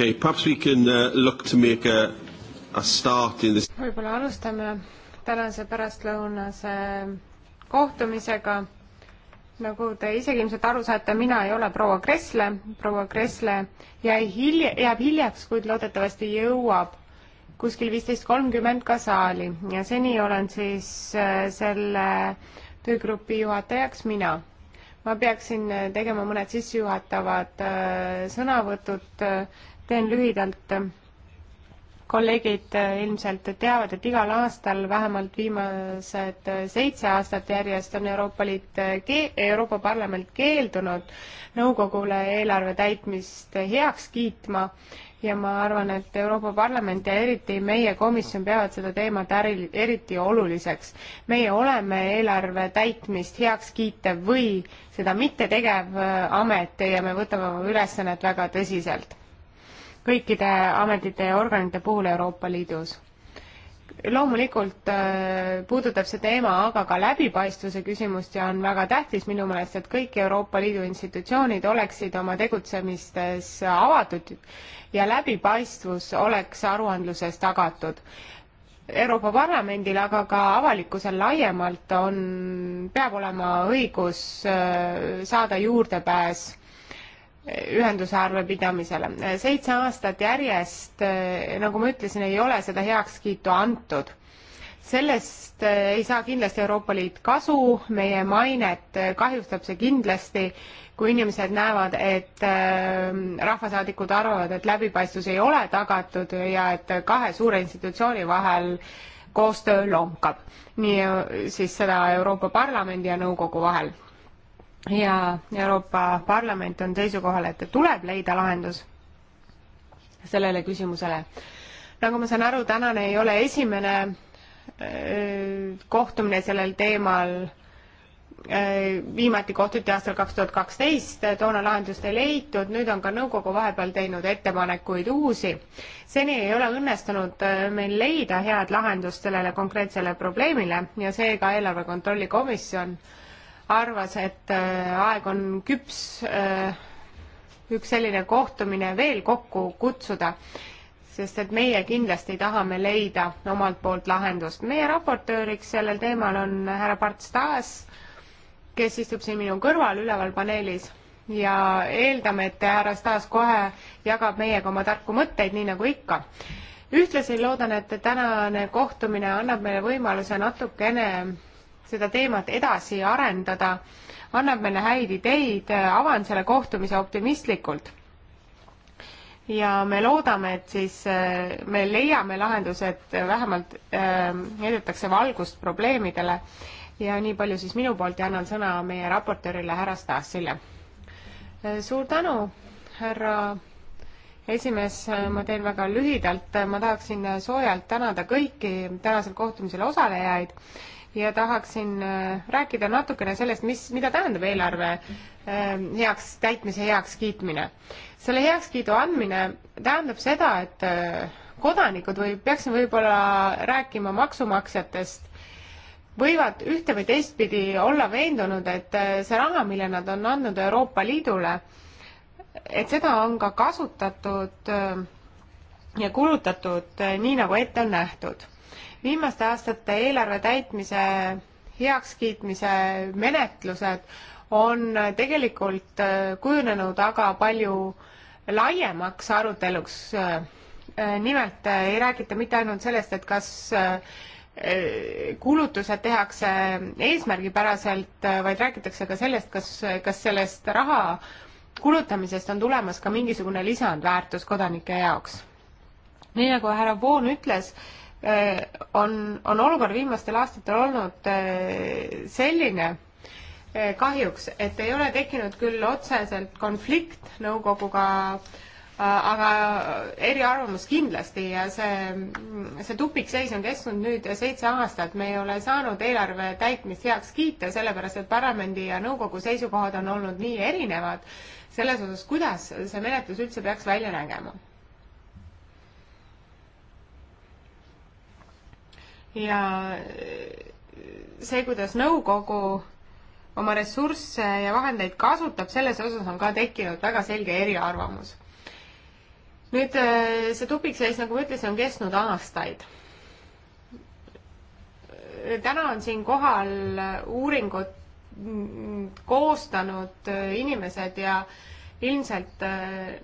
Okay, perhaps we can uh, look to make a, a start in this. võib-olla alustame tänase pärastlõunase kohtumisega. nagu te isegi ilmselt aru saate, mina ei ole proua Kressle, proua Kressle jäi hilja, jääb hiljaks, kuid loodetavasti jõuab kuskil viisteist kolmkümmend ka saali ja seni olen siis äh, selle töögrupi juhatajaks mina ma peaksin äh, tegema mõned sissejuhatavad äh, sõnavõtud teen lühidalt. kolleegid äh, ilmselt teavad, et igal aastal vähemalt viimased äh, seitse aastat järjest on Euroopa Liit, äh, Euroopa Parlament keeldunud nõukogule eelarve täitmist heaks kiitma ja ma arvan, et Euroopa Parlament ja eriti meie komisjon peavad seda teemat äri, eriti oluliseks. meie oleme eelarve täitmist heaks kiitev või seda mitte tegev amet ja me võtame oma ülesannet väga tõsiselt kõikide ametite ja organite puhul Euroopa Liidus. loomulikult äh, puudutab see teema aga ka läbipaistvuse küsimust ja on väga tähtis minu meelest, et kõik Euroopa Liidu institutsioonid oleksid oma tegutsemistes avatud ja läbipaistvus oleks aruandluses tagatud Euroopa Parlamendil, aga ka avalikkusel laiemalt on, peab olema õigus äh, saada juurdepääs ühendusarve pidamisele. seitse aastat järjest, nagu ma ütlesin, ei ole seda heakskiitu antud. sellest ei saa kindlasti Euroopa Liit kasu, meie mainet kahjustab see kindlasti, kui inimesed näevad, et äh, rahvasaadikud arvavad, et läbipaistvus ei ole tagatud ja et kahe suure institutsiooni vahel koostöö lonkab. nii siis seda Euroopa Parlamendi ja Nõukogu vahel ja Euroopa Parlament on seisukohal, et tuleb leida lahendus sellele küsimusele. nagu ma saan aru, tänane ei ole esimene äh, kohtumine sellel teemal, äh, viimati kohtuti aastal kaks tuhat kaksteist, toona lahendust ei leitud, nüüd on ka nõukogu vahepeal teinud ettepanekuid uusi. seni ei ole õnnestunud äh, meil leida head lahendust sellele konkreetsele probleemile ja seega eelarve kontrolli komisjon äh, arvas, et äh, aeg on küps äh, üks selline kohtumine veel kokku kutsuda, sest et meie kindlasti tahame leida omalt poolt lahendust. meie raportööriks sellel teemal on härra Part Staas, kes istub siin minu kõrval üleval paneelis ja eeldame, et härra Staas kohe jagab meiega oma tarku mõtteid, nii nagu ikka ühtlasi loodan, et tänane kohtumine annab meile võimaluse natukene seda teemat edasi arendada, annab meile häid ideid, avan selle kohtumise optimistlikult. ja me loodame, et siis äh, me leiame lahendused, äh, vähemalt äh, heidetakse valgust probleemidele ja nii palju siis minu poolt ja annan sõna meie raportöörile härra Stasile. suur tänu, härra esimees, ma teen väga lühidalt, ma tahaksin soojalt tänada kõiki tänasel kohtumisel osalejaid ja tahaksin äh, rääkida natukene sellest, mis, mida tähendab eelarve ähm, heaks, täitmise heakskiitmine. selle heakskiidu andmine tähendab seda, et äh, kodanikud või peaksime võib-olla rääkima maksumaksjatest, võivad ühte või teistpidi olla veendunud, et äh, see raha, mille nad on andnud Euroopa Liidule, et seda on ka kasutatud ja kulutatud nii, nagu ette on nähtud viimaste aastate eelarve täitmise heakskiitmise menetlused on tegelikult äh, kujunenud aga palju laiemaks aruteluks. Äh, nimelt äh, ei räägita mitte ainult sellest, et kas kulutused tehakse eesmärgipäraselt, vaid räägitakse ka sellest, kas, kas sellest raha kulutamisest on tulemas ka mingisugune lisandväärtus kodanike jaoks. nii nagu härra Voon ütles, Äh, on, on olukord viimastel aastatel olnud äh, selline, äh, kahjuks, et ei ole tekkinud küll otseselt konflikt nõukoguga, aga eriarvamus kindlasti ja see, see tupikseis on kestnud nüüd seitse aastat, me ei ole saanud eelarve täitmist heaks kiita, sellepärast et parlamendi ja nõukogu seisukohad on olnud nii erinevad selles osas, kuidas see menetlus üldse peaks välja nägema ja äh, see, kuidas nõukogu oma ressursse ja vahendeid kasutab, selles osas on ka tekkinud väga selge eriarvamus. nüüd äh, see tupikseis, nagu ma ütlesin, on kestnud aastaid. täna on siin kohal uuringut koostanud äh, inimesed ja äh, ilmselt äh,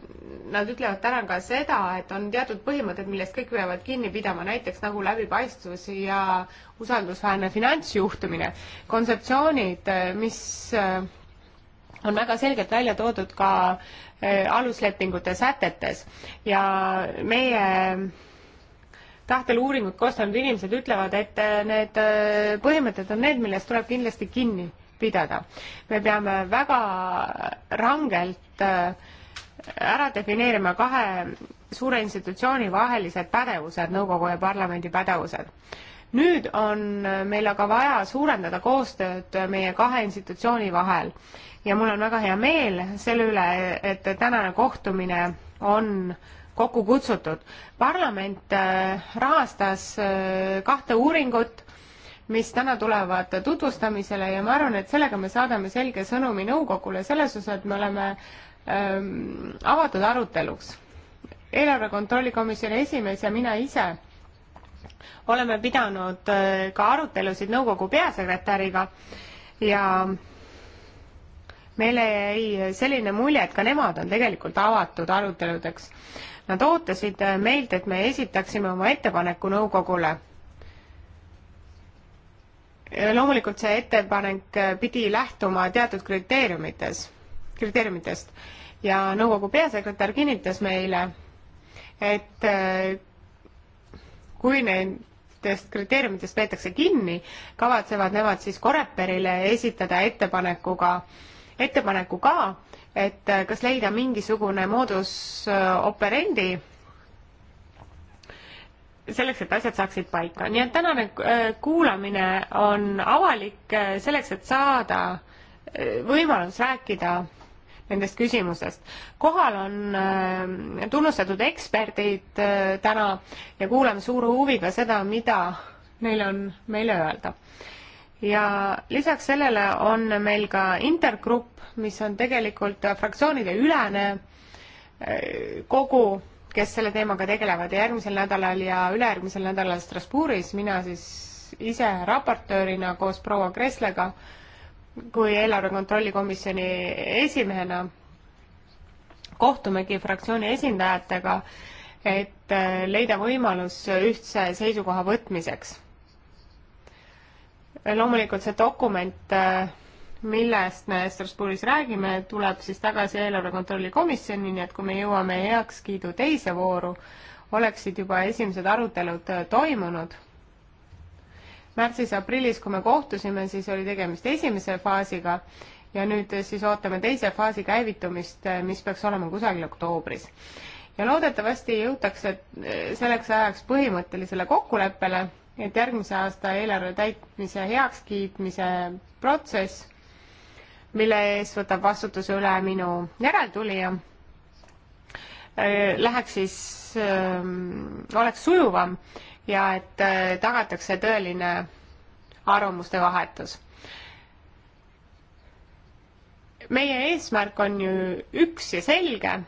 nad ütlevad täna ka seda, et on teatud põhimõtted, millest kõik peavad kinni pidama, näiteks nagu läbipaistvus ja usaldusväärne finantsjuhtimine. kontseptsioonid, äh, mis äh, on väga selgelt välja toodud ka aluslepingute sätetes ja meie tahtel uuringut koostanud inimesed ütlevad, et need põhimõtted on need, millest tuleb kindlasti kinni pidada. me peame väga rangelt selgelt äh, ära defineerima kahe suure institutsiooni vahelised pädevused, nõukogu ja parlamendi pädevused. nüüd on meil aga vaja suurendada koostööd meie kahe institutsiooni vahel ja mul on väga hea meel selle üle, et tänane kohtumine on kokku kutsutud. parlament äh, rahastas äh, kahte uuringut mis täna tulevad tutvustamisele ja ma arvan, et sellega me saadame selge sõnumi nõukogule selles osas, et me oleme ähm, avatud aruteluks. eelarve kontrolli komisjoni esimees ja mina ise oleme pidanud äh, ka arutelusid nõukogu peasekretäriga ja meile jäi selline mulje, et ka nemad on tegelikult avatud aruteludeks. Nad ootasid meilt, et me esitaksime oma ettepaneku nõukogule loomulikult see ettepanek pidi lähtuma teatud kriteeriumites, kriteeriumitest ja nõukogu peasekretär kinnitas meile, et kui nendest kriteeriumitest peetakse kinni, kavatsevad nemad siis Koreperile esitada ettepanekuga, ettepaneku ka, et kas leida mingisugune moodus operendi selleks, et asjad saaksid paika. nii et tänane äh, kuulamine on avalik äh, selleks, et saada äh, võimalus rääkida nendest küsimustest. kohal on tunnustatud eksperdid täna ja kuulame suure huviga seda, mida neil on meile öelda. ja lisaks sellele on meil ka intergrupp, mis on tegelikult fraktsioonide ülene kogu kes selle teemaga tegelevad ja järgmisel nädalal ja ülejärgmisel nädalal Strasbourgis, mina siis ise raportöörina koos proua Kreslega kui eelarve kontrolli komisjoni esimehena kohtumegi fraktsiooni esindajatega, et äh, leida võimalus ühtse seisukoha võtmiseks. loomulikult see dokument äh, millest me Strasbourgis räägime, tuleb siis tagasi eelarve kontrolli komisjoni, nii et kui me jõuame heakskiidu teise vooru, oleksid juba esimesed arutelud äh, toimunud. märtsis-aprillis, kui me kohtusime, siis oli tegemist esimese faasiga ja nüüd äh, siis ootame teise faasi käivitumist, äh, mis peaks olema kusagil oktoobris. ja loodetavasti jõutakse selleks ajaks põhimõttelisele kokkuleppele et järgmise aasta eelarve täitmise heakskiitmise protsess mille eest võtab vastutuse üle minu järeltulija, eh, läheks siis, ehm, oleks sujuvam ja et eh, tagatakse tõeline arvamuste vahetus. meie eesmärk on ju üks ja selge,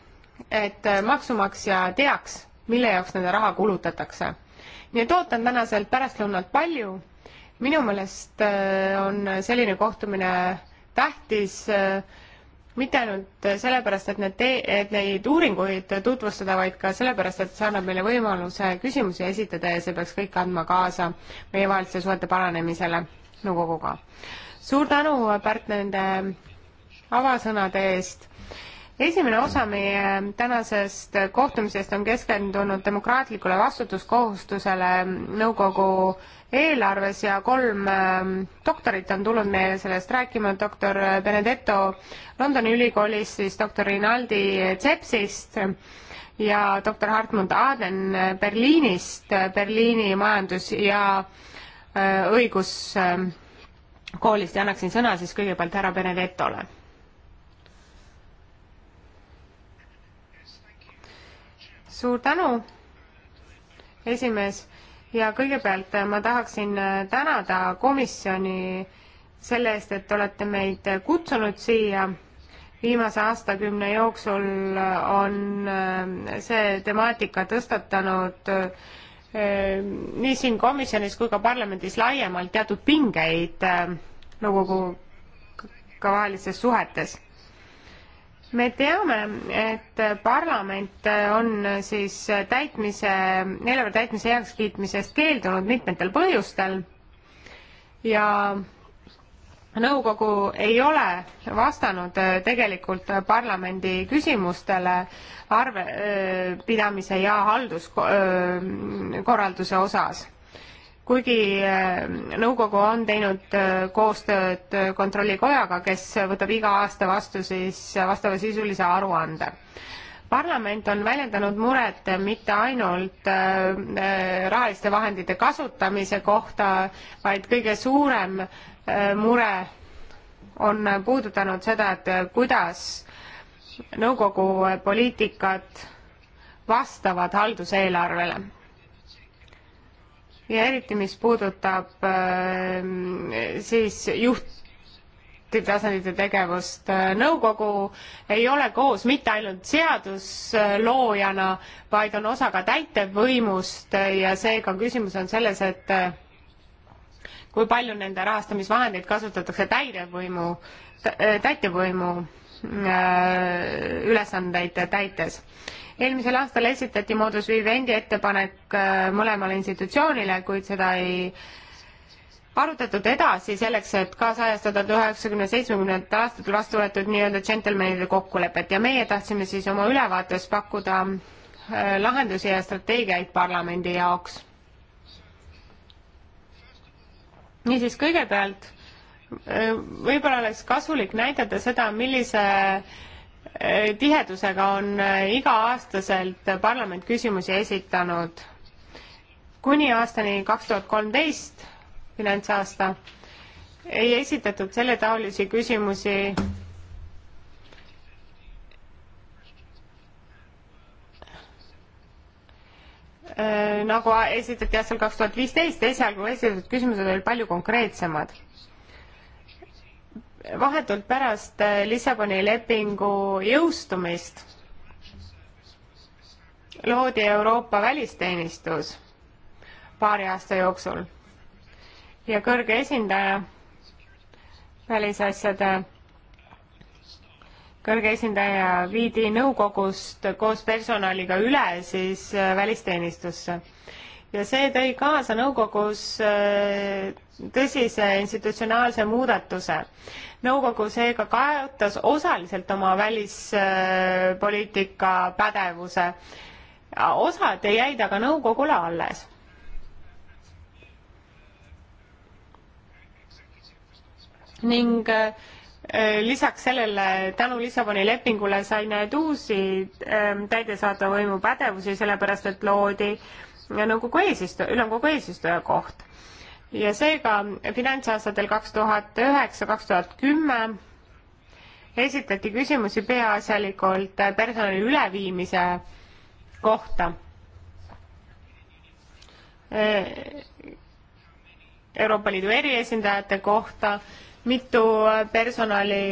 et eh, maksumaksja teaks, mille jaoks nende raha kulutatakse. nii et ootan tänaselt pärastlõunalt palju. minu meelest on selline kohtumine tähtis äh, mitte ainult äh, sellepärast, et need tee-, et neid uuringuid tutvustada, vaid ka sellepärast, et see annab meile võimaluse küsimusi esitada ja see peaks kõik andma kaasa meievaheliste suhete paranemisele nõukoguga. suur tänu, Pärt, nende avasõnade eest esimene osa meie ähm, tänasest äh, kohtumisest on keskendunud demokraatlikule vastutuskohustusele ähm, nõukogu eelarves ja kolm ähm, doktorit on tulnud meile sellest rääkima, doktor äh, Benedetto Londoni ülikoolist, siis doktor Rinaldi Zepsist ja doktor Hartmut Aden äh, Berliinist, Berliini majandus- ja õiguskoolist ja annaksin sõna siis kõigepealt härra Benedettole suur tänu, esimees, ja kõigepealt äh, ma tahaksin äh, tänada komisjoni selle eest, et olete meid äh, kutsunud siia. viimase aastakümne jooksul on see temaatika tõstatanud nii siin komisjonis kui ka parlamendis laiemalt teatud pingeid nõukoguga vahelistes suhetes me teame, et parlament on siis täitmise, eelarve täitmise heakskiitmisest keeldunud mitmetel põhjustel ja nõukogu ei ole vastanud tegelikult parlamendi küsimustele arvepidamise äh, ja halduskorralduse äh, osas kuigi äh, nõukogu on teinud äh, koostööd Kontrollikojaga, kes võtab iga aasta vastu siis vastavasisulise aruande parlament on väljendanud muret mitte ainult äh, rahaliste vahendite kasutamise kohta, vaid kõige suurem mure on puudutanud seda, et kuidas nõukogu poliitikad vastavad halduseelarvele ja eriti, mis puudutab ähm, siis juhttasandite tegevust. nõukogu ei ole koos mitte ainult seadusloojana, vaid on osa ka täitevvõimust ja seega küsimus on selles, et äh, kui palju nende rahastamisvahendeid kasutatakse täidevvõimu, täitevvõimu äh, ülesandeid täites eelmisel aastal esitati moodus vivendi ettepanek äh, mõlemale institutsioonile, kuid seda ei arutatud edasi selleks, et kaasajastada üheksakümne seitsmekümnendatel aastatel vastu võetud nii-öelda džentelmenide kokkulepet ja meie tahtsime siis oma ülevaates pakkuda äh, lahendusi ja strateegiaid parlamendi jaoks. niisiis, kõigepealt äh, võib-olla oleks kasulik näidata seda, millise äh, Äh, tihedusega on äh, iga-aastaselt parlament küsimusi esitanud kuni aastani kaks tuhat kolmteist finantsaasta ei esitatud selletaolisi küsimusi äh, nagu esitati aastal kaks tuhat viisteist, esialgu esitatud küsimused olid palju konkreetsemad vahetult pärast äh, Lissaboni lepingu jõustumist loodi Euroopa välisteenistus paari aasta jooksul ja kõrge esindaja välisasjade kõrge esindaja viidi nõukogust koos personaliga üle siis äh, välisteenistusse ja see tõi kaasa nõukogus äh, tõsise institutsionaalse muudatuse nõukogu seega kaotas osaliselt oma välispoliitika pädevuse. osad jäid aga nõukogule alles ning eh, lisaks sellele tänu Lissaboni lepingule sai need uusi eh, täidesaatva võimu pädevusi, sellepärast et loodi nõukogu eesistuja, ülemkogu eesistuja koht ja seega finantsaastatel kaks tuhat üheksa, kaks tuhat kümme esitati küsimusi peaasjalikult personali üleviimise kohta. Euroopa Liidu eriesindajate kohta, mitu personali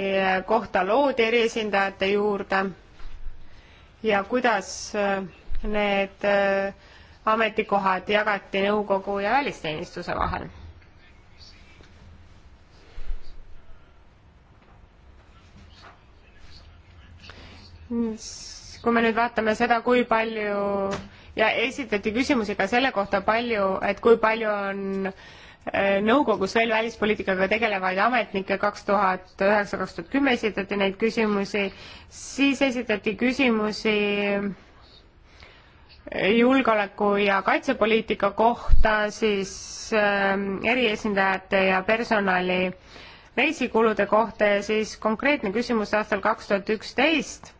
kohta loodi eriesindajate juurde ja kuidas need äh, ametikohad jagati nõukogu ja välisteenistuse vahel. kui me nüüd vaatame seda, kui palju ja esitati küsimusi ka selle kohta palju, et kui palju on äh, nõukogus veel välispoliitikaga tegelevaid ametnikke, kaks tuhat üheksa, kaks tuhat kümme esitati neid küsimusi, siis esitati küsimusi julgeoleku ja kaitsepoliitika kohta, siis ähm, eriesindajate ja personali reisikulude kohta ja siis konkreetne küsimus aastal kaks tuhat üksteist.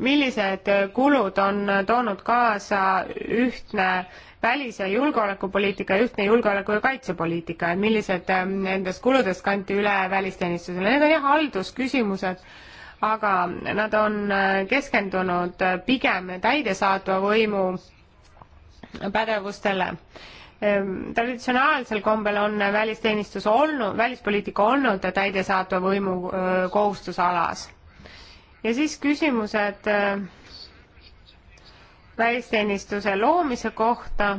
millised kulud on toonud kaasa ühtne välis- ja julgeolekupoliitika, ühtne julgeoleku- ja kaitsepoliitika ja millised ähm, nendest kuludest kanti üle välisteenistusele, need on jah haldusküsimused aga nad on äh, keskendunud äh, pigem täidesaatva võimu pädevustele ehm, traditsionaalsel kombel on välisteenistus olnud, välispoliitika olnud täidesaatva võimu kohustusalas. ja siis küsimused äh, välisteenistuse loomise kohta.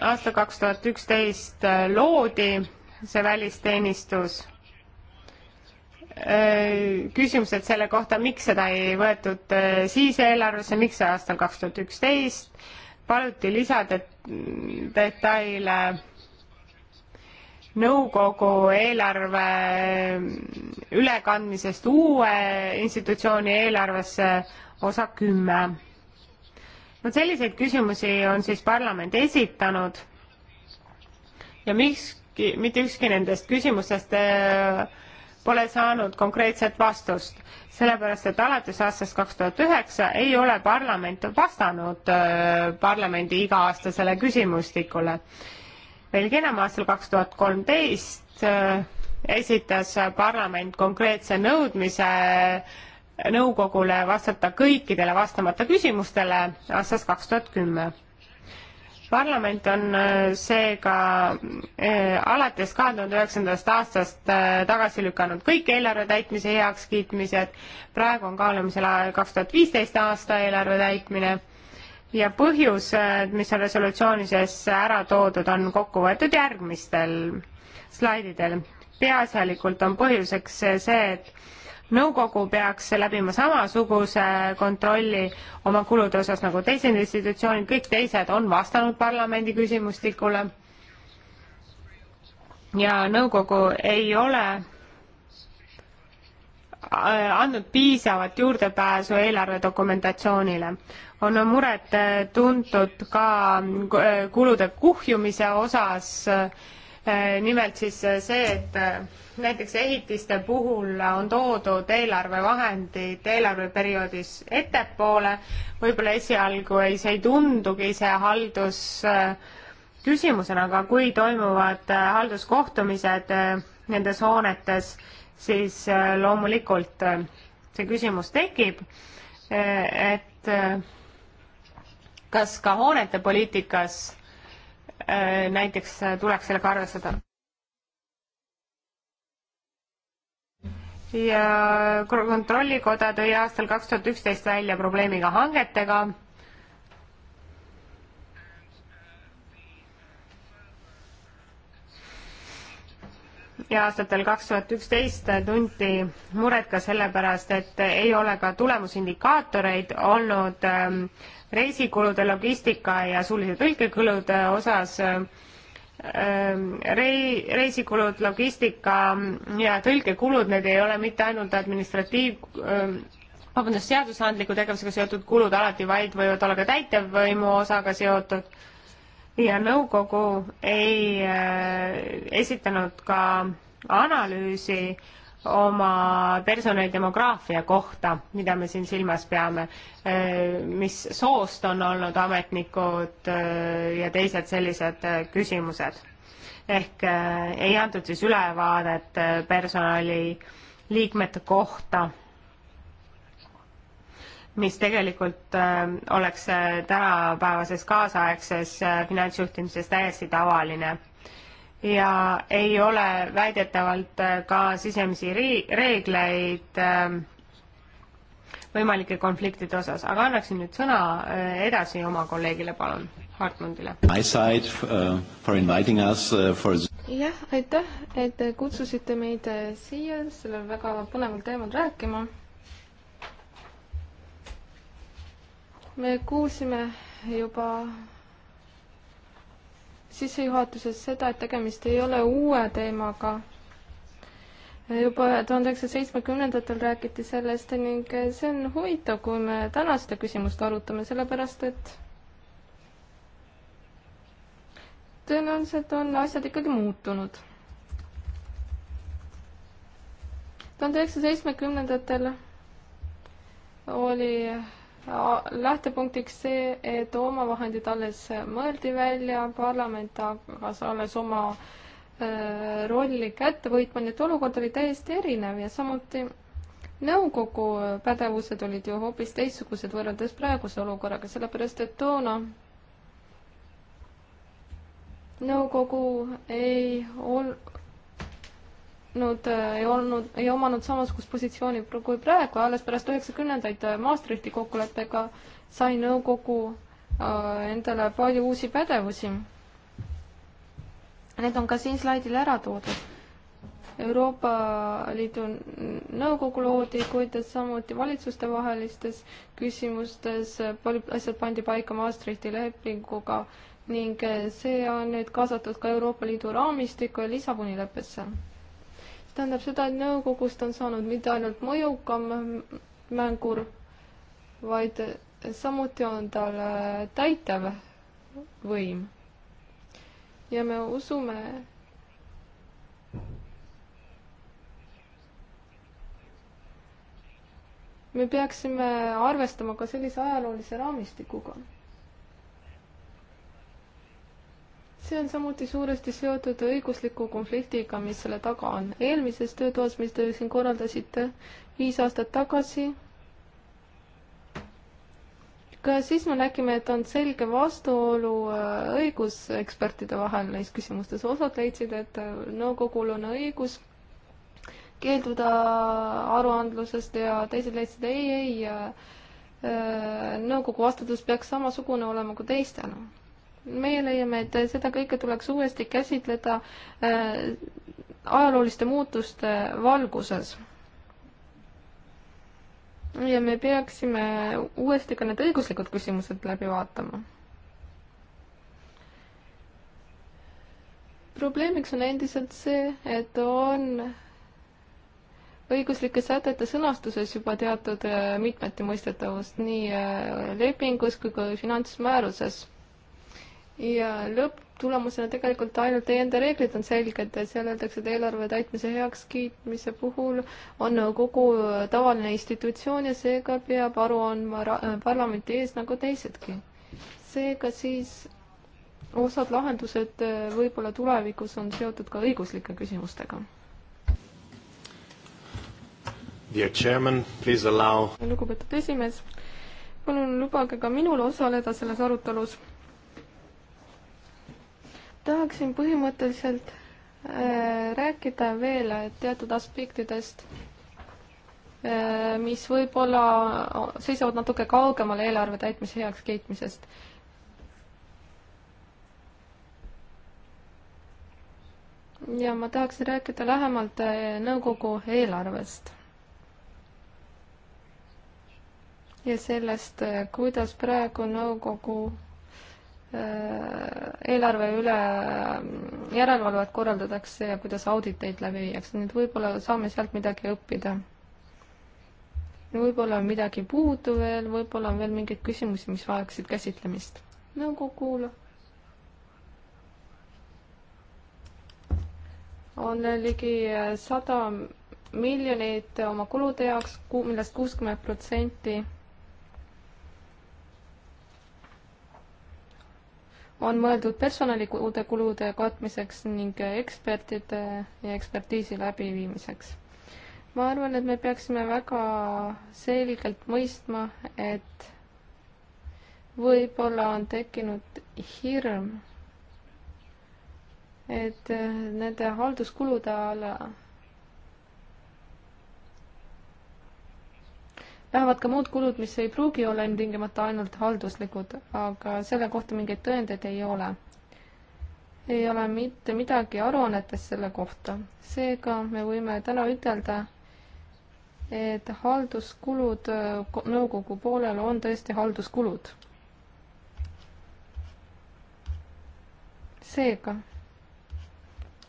aastal kaks tuhat üksteist loodi see välisteenistus küsimused selle kohta, miks seda ei võetud äh, siis eelarvesse, miks aastal kaks tuhat üksteist, paluti lisadetaile nõukogu eelarve äh, ülekandmisest uue institutsiooni eelarvesse osa kümme. vot selliseid küsimusi on siis parlament esitanud ja miks, mitte ükski nendest küsimustest äh, pole saanud konkreetset vastust, sellepärast et alates aastast kaks tuhat üheksa ei ole parlament vastanud äh, parlamendi iga-aastasele küsimustikule. veelgi enam, aastal kaks tuhat kolmteist äh, esitas parlament konkreetse nõudmise nõukogule vastata kõikidele vastamata küsimustele aastast kaks tuhat kümme parlament on äh, seega äh, alates kahe tuhande üheksandast aastast äh, tagasi lükanud kõik eelarve täitmise heakskiitmised, praegu on kaalumisel kaks tuhat viisteist aasta eelarve täitmine ja põhjus, mis on resolutsioonides ära toodud, on kokku võetud järgmistel slaididel. peaasjalikult on põhjuseks see, et nõukogu peaks läbima samasuguse kontrolli oma kulude osas nagu teised institutsioonid, kõik teised on vastanud parlamendi küsimustikule ja nõukogu ei ole äh, andnud piisavat juurdepääsu eelarvedokumentatsioonile. on muret tuntud ka äh, kulude kuhjumise osas Äh, nimelt siis äh, see, et äh, näiteks ehitiste puhul on toodud eelarvevahendid eelarveperioodis ettepoole, võib-olla esialgu ei, see ei tundugi, see haldus küsimusena, aga kui toimuvad halduskohtumised nendes hoonetes, siis loomulikult see küsimus tekib, et kas ka hoonete poliitikas Äh, näiteks äh, tuleks sellega arvestada. ja Kontrollikoda tõi aastal kaks tuhat üksteist välja probleemiga hangetega ja aastatel kaks tuhat üksteist tunti muret ka sellepärast, et ei ole ka tulemusindikaatoreid olnud äh, reisikulude, logistika ja suulise tõlkekulude äh, osas äh, ähm, rei-, reisikulud, logistika mm, ja tõlkekulud, need ei ole mitte ainult administratiiv, ähm, vabandust, seadusandliku tegevusega seotud kulud alati, vaid võivad olla ka täitevvõimu osaga seotud. ja nõukogu ei äh, esitanud ka analüüsi oma personalidemograafia kohta, mida me siin silmas peame, mis soost on olnud ametnikud äh, ja teised sellised äh, küsimused. ehk äh, ei antud siis ülevaadet personaliliikmete kohta, mis tegelikult oleks tänapäevases kaasaegses finantsjuhtimises täiesti tavaline ja ei ole väidetavalt äh, ka sisemisi reegleid ähm, võimalike konfliktide osas, aga annaksin nüüd sõna äh, edasi oma kolleegile, palun, Hartmundile. Äh, jah, aitäh, et kutsusite meid siia sellel väga põneval teemal rääkima. me kuulsime juba sissejuhatuses seda, et tegemist ei ole uue teemaga. juba tuhande üheksasaja seitsmekümnendatel räägiti sellest ning see on huvitav, kui me täna seda küsimust arutame, sellepärast et tõenäoliselt on asjad ikkagi muutunud. tuhande üheksasaja seitsmekümnendatel oli lähtepunktiks see, et omavahendid alles mõeldi välja, parlament hakkas alles oma äh, rolli kätte võitma, nii et olukord oli täiesti erinev ja samuti nõukogu pädevused olid ju hoopis teistsugused võrreldes praeguse olukorraga, sellepärast et toona nõukogu ei ol-, olnud, äh, ei olnud, ei omanud samasugust positsiooni kui praegu, alles pärast üheksakümnendaid äh, Maastrichti kokkuleppega sai nõukogu äh, endale palju uusi pädevusi. Need on ka siin slaidil ära toodud. Euroopa Liidu Nõukogu loodi, kuid samuti valitsustevahelistes küsimustes paljud asjad pandi paika Maastrichti lepinguga ning see on nüüd kaasatud ka Euroopa Liidu raamistikku ja Lissaboni leppesse tähendab seda, et nõukogust on saanud mitte ainult mõjukam mängur, vaid samuti on tal äh, täitev võim. ja me usume, me peaksime arvestama ka sellise ajaloolise raamistikuga see on samuti suuresti seotud õigusliku konfliktiga, mis selle taga on. eelmises töötoas, mis te siin korraldasite viis aastat tagasi, ka siis me nägime, et on selge vastuolu äh, õigusekspertide vahel neis küsimustes. osad leidsid, et äh, nõukogul on õigus keelduda aruandlusest ja teised leidsid ei, ei, äh, nõukogu vastutus peaks samasugune olema kui teistel no meie leiame, et seda kõike tuleks uuesti käsitleda äh, ajalooliste muutuste valguses. ja me peaksime uuesti ka need õiguslikud küsimused läbi vaatama. probleemiks on endiselt see, et on õiguslike sätete sõnastuses juba teatud äh, mitmeti mõistetavust nii äh, lepingus kui ka finantsmääruses ja lõpptulemusena tegelikult ainult teie enda reeglid on selged, seal öeldakse, et eelarve täitmise heakskiitmise puhul on kogu tavaline institutsioon ja seega peab aru andma parlamendi ees nagu teisedki. seega siis osad lahendused võib-olla tulevikus on seotud ka õiguslike küsimustega. Dear chairman, please allow lugupeetud esimees, palun lubage ka minul osaleda selles arutelus tahaksin põhimõtteliselt äh, rääkida veel teatud aspektidest, äh, mis võib-olla seisavad natuke kaugemal eelarve täitmise heakskiitmisest. ja ma tahaksin rääkida lähemalt äh, nõukogu eelarvest. ja sellest, kuidas praegu nõukogu Äh, eelarve üle ähm, järelevalvet korraldatakse ja kuidas auditeid läbi viiakse, nii et võib-olla saame sealt midagi õppida. võib-olla on midagi puudu veel, võib-olla on veel mingeid küsimusi, mis vajaksid käsitlemist. nõukogul on ligi äh, sada miljonit oma kulude jaoks, millest kuuskümmend protsenti on mõeldud personalikulude kulude katmiseks ning ekspertide ja ekspertiisi läbiviimiseks. ma arvan, et me peaksime väga selgelt mõistma, et võib-olla on tekkinud hirm, et nende halduskulude alla lähevad ka muud kulud, mis ei pruugi olla ilmtingimata ainult halduslikud, aga selle kohta mingeid tõendeid ei ole. ei ole mitte midagi aruannetes selle kohta, seega me võime täna ütelda, et halduskulud nõukogu poolel on tõesti halduskulud. seega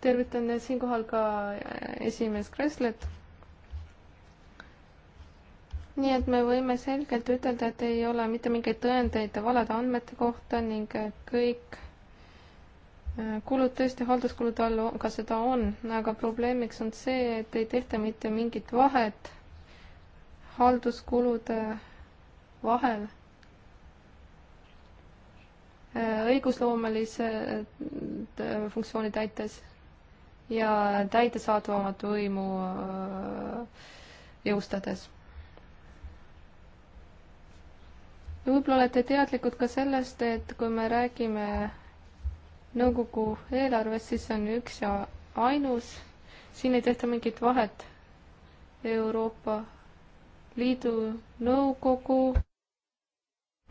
tervitan siinkohal ka esimees Kreslet nii et me võime selgelt ütelda, et ei ole mitte mingeid tõendeid valede andmete kohta ning äh, kõik äh, kulud tõesti halduskulude all ka seda on, aga probleemiks on see, et ei tehta mitte mingit vahet halduskulude äh, vahel õigusloomelise funktsiooni täites ja täidesaatvamat võimu jõustades võib-olla olete teadlikud ka sellest, et kui me räägime nõukogu eelarvest, siis see on üks ja ainus, siin ei tehta mingit vahet Euroopa Liidu nõukogu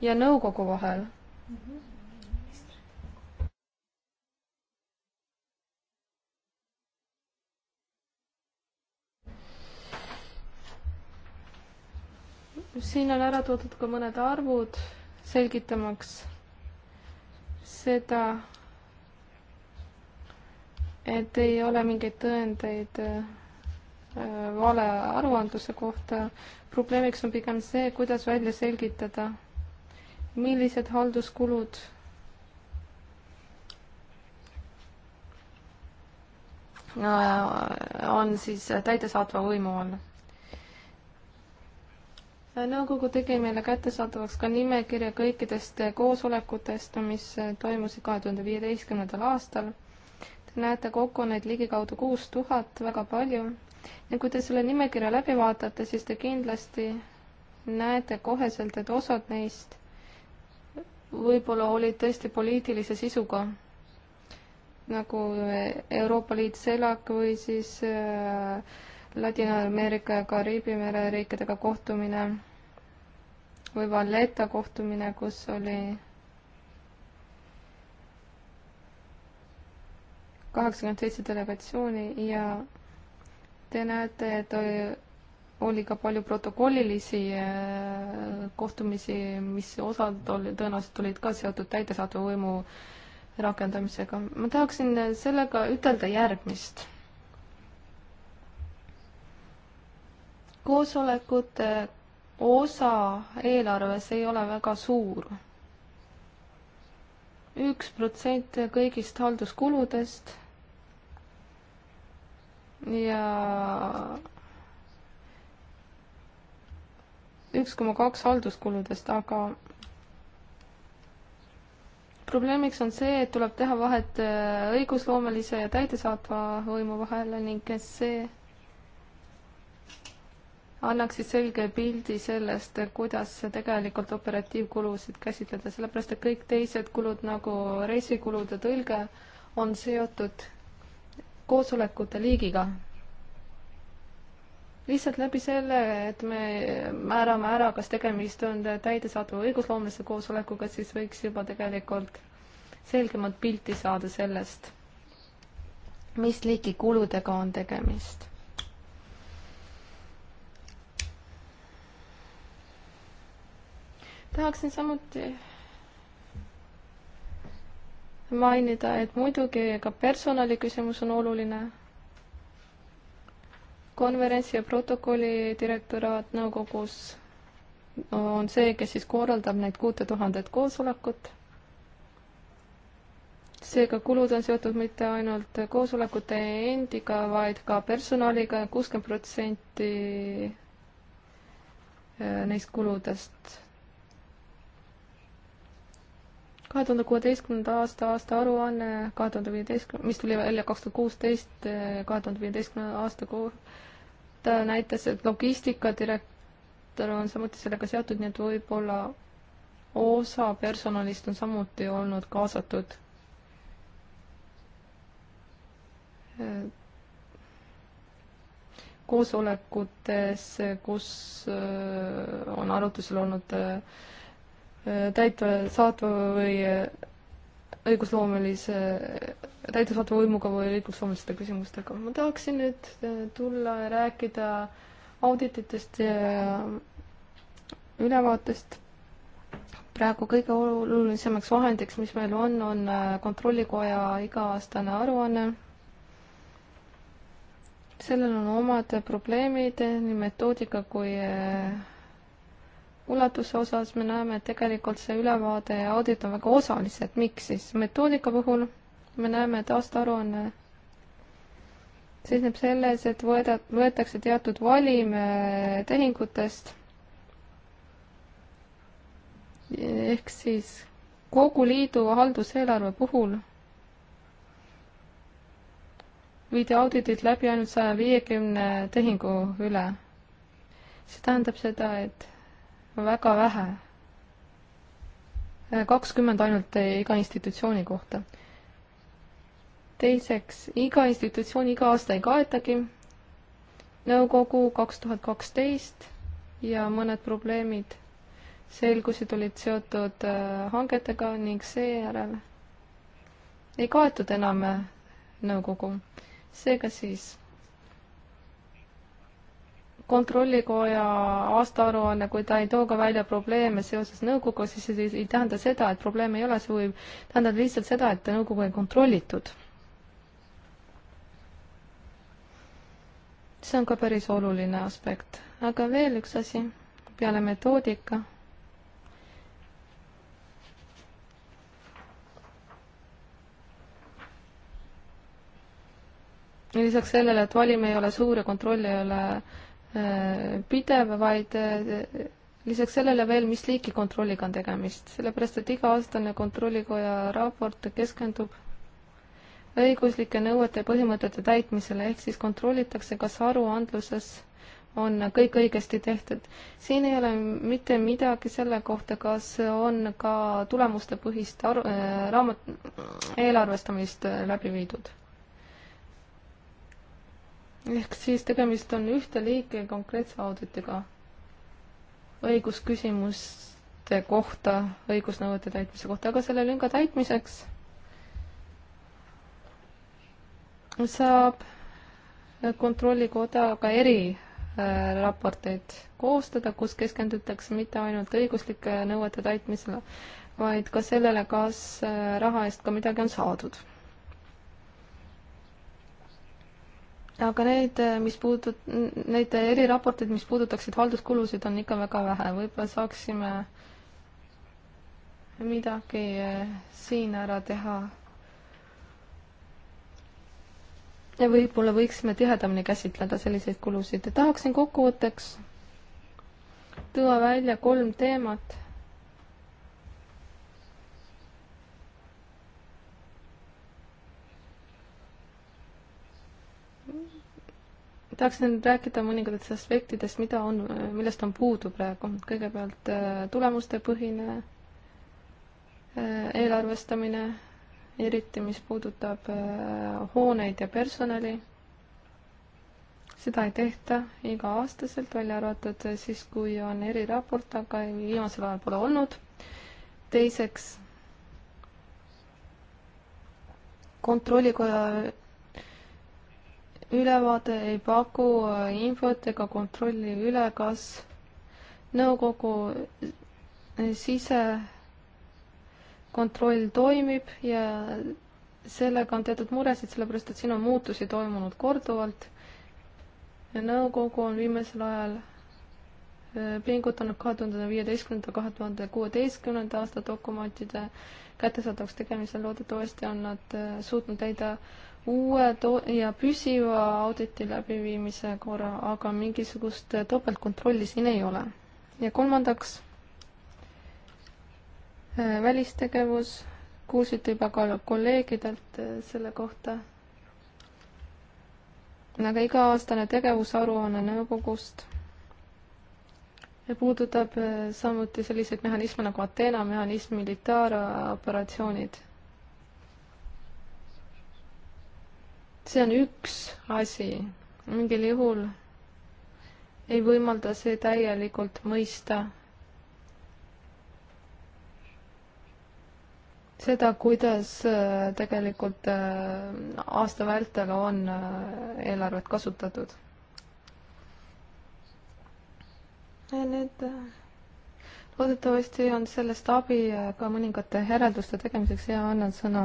ja nõukogu vahel mm. -hmm. siin on ära toodud ka mõned arvud selgitamaks seda, et ei ole mingeid tõendeid äh, valearuandluse kohta. probleemiks on pigem see, kuidas välja selgitada, millised halduskulud äh, on siis täidesaatva võimu all nõukogu tegi meile kättesaadavaks ka nimekirja kõikidest koosolekutest, mis toimusid kahe tuhande viieteistkümnendal aastal. Te näete kokku neid ligikaudu kuus tuhat, väga palju. ja kui te selle nimekirja läbi vaatate, siis te kindlasti näete koheselt, et osad neist võib-olla olid tõesti poliitilise sisuga, nagu Euroopa Liit, CELAC või siis äh, Ladina-Ameerika ja Kariibi mere riikidega kohtumine või Valletta kohtumine, kus oli kaheksakümmend seitse delegatsiooni ja te näete, et oli, oli ka palju protokollilisi äh, kohtumisi, mis osad oli, tõenäoliselt olid ka seotud täidesaatva võimu rakendamisega. ma tahaksin sellega ütelda järgmist koosolekute osa eelarves ei ole väga suur. üks protsent kõigist halduskuludest ja üks koma kaks halduskuludest, aga probleemiks on see, et tuleb teha vahet õigusloomelise ja täidesaatva võimu vahel ning see annaks siis selge pildi sellest, kuidas tegelikult operatiivkulusid käsitleda, sellepärast et kõik teised kulud nagu reisikulud ja tõlge on seotud koosolekute liigiga. lihtsalt läbi selle, et me määrame ära, kas tegemist on täidesaatva õigusloomulise koosolekuga, siis võiks juba tegelikult selgemat pilti saada sellest, mis liiki kuludega on tegemist tahaksin samuti mainida, et muidugi ka personali küsimus on oluline. konverentsi ja protokolli direktoraat nõukogus on see, kes siis korraldab neid kuute tuhandet koosolekut. seega kulud on seotud mitte ainult koosolekute endiga, vaid ka personaliga, kuuskümmend protsenti äh, neist kuludest kahe tuhande kuueteistkümnenda aasta aasta aruanne kahe tuhande viieteistkümne, mis tuli välja kaks tuhat kuusteist, kahe tuhande viieteistkümnenda aasta kohta näitas, et logistikadirektor on samuti sellega seotud, nii et võib-olla osa personalist on samuti olnud kaasatud. koosolekutes, kus äh, on arutusel olnud äh, täitva, saatva või õigusloomelise, täidesaatva võimuga või õigusloomeliste küsimustega. ma tahaksin nüüd äh, tulla ja rääkida audititest ja ülevaatest. praegu kõige olulisemaks vahendiks, mis meil on, on äh, Kontrollikoja iga-aastane aruanne. sellel on omad probleemid nii metoodika kui äh, ulatuse osas me näeme, et tegelikult see ülevaade ja audit on väga osalised, miks siis? metoodika puhul me näeme, et aastaaruanne seisneb selles, et võeda, võetakse teatud valim eh, tehingutest ehk siis kogu liidu halduseelarve puhul viidi auditid läbi ainult saja viiekümne tehingu üle. see tähendab seda, et väga vähe. kakskümmend ainult iga institutsiooni kohta. teiseks, iga institutsioon iga aasta ei kaetagi. nõukogu kaks tuhat kaksteist ja mõned probleemid selgusid, olid seotud äh, hangetega ning seejärel ei kaetud enam äh, nõukogu. seega siis kontrollikoja aastaaruanne, kui ta ei too ka välja probleeme seoses nõukoguga, siis see ei tähenda seda, et probleeme ei ole, see võib tähendada lihtsalt seda, et nõukogu ei kontrollitud. see on ka päris oluline aspekt, aga veel üks asi peale metoodika. lisaks sellele, et valim ei ole suur ja kontroll ei ole äh, Äh, pidev, vaid äh, lisaks sellele veel, mis liiki kontrolliga on tegemist, sellepärast et iga-aastane kontrollikoja raport keskendub õiguslike nõuete ja põhimõtete täitmisele, ehk siis kontrollitakse, kas aruandluses on kõik õigesti tehtud. siin ei ole mitte midagi selle kohta, kas on ka tulemustepõhist aru, äh, raamat, eelarvestamist läbi viidud ehk siis tegemist on ühte liiki konkreetse auditiga õigusküsimuste kohta, õigusnõuete täitmise kohta, aga selle lünga täitmiseks saab kontrollikoda ka eriraporteid äh, koostada, kus keskendutakse mitte ainult õiguslike nõuete täitmisele, vaid ka sellele, kas äh, raha eest ka midagi on saadud aga neid, äh, mis puudut-, neid eriraporteid, mis puudutaksid halduskulusid, on ikka väga vähe, võib-olla saaksime midagi äh, siin ära teha. ja võib-olla võiksime tihedamini käsitleda selliseid kulusid ja tahaksin kokkuvõtteks tuua välja kolm teemat tahaksin rääkida mõningatest aspektidest, mida on, millest on puudu praegu. kõigepealt äh, tulemustepõhine äh, eelarvestamine, eriti mis puudutab äh, hooneid ja personali. seda ei tehta iga-aastaselt, välja arvatud siis, kui on eriraport, aga viimasel ajal pole olnud. teiseks, kontrollikoja ülevaade ei paku äh, infot ega kontrolli üle, kas nõukogu äh, sisekontroll toimib ja sellega on teatud muresid, sellepärast et siin on muutusi toimunud korduvalt. ja nõukogu on viimasel ajal äh, pingutanud kahe tuhande viieteistkümnenda, kahe tuhande kuueteistkümnenda aasta dokumentide kättesaadavaks tegemisel, loodetavasti on nad suutnud leida äh, uue to- ja püsiva auditi läbiviimise korra, aga mingisugust topeltkontrolli siin ei ole. ja kolmandaks, äh, välistegevus, kuulsite juba ka kolleegidelt äh, selle kohta, aga nagu iga-aastane tegevusaruanne nõukogust puudutab äh, samuti selliseid mehhanisme nagu Ateena mehhanism, militaaroperatsioonid see on üks asi, mingil juhul ei võimalda see täielikult mõista seda, kuidas äh, tegelikult äh, aasta vältel on äh, eelarvet kasutatud. ja nüüd loodetavasti on sellest abi ka mõningate järelduste tegemiseks ja annan sõna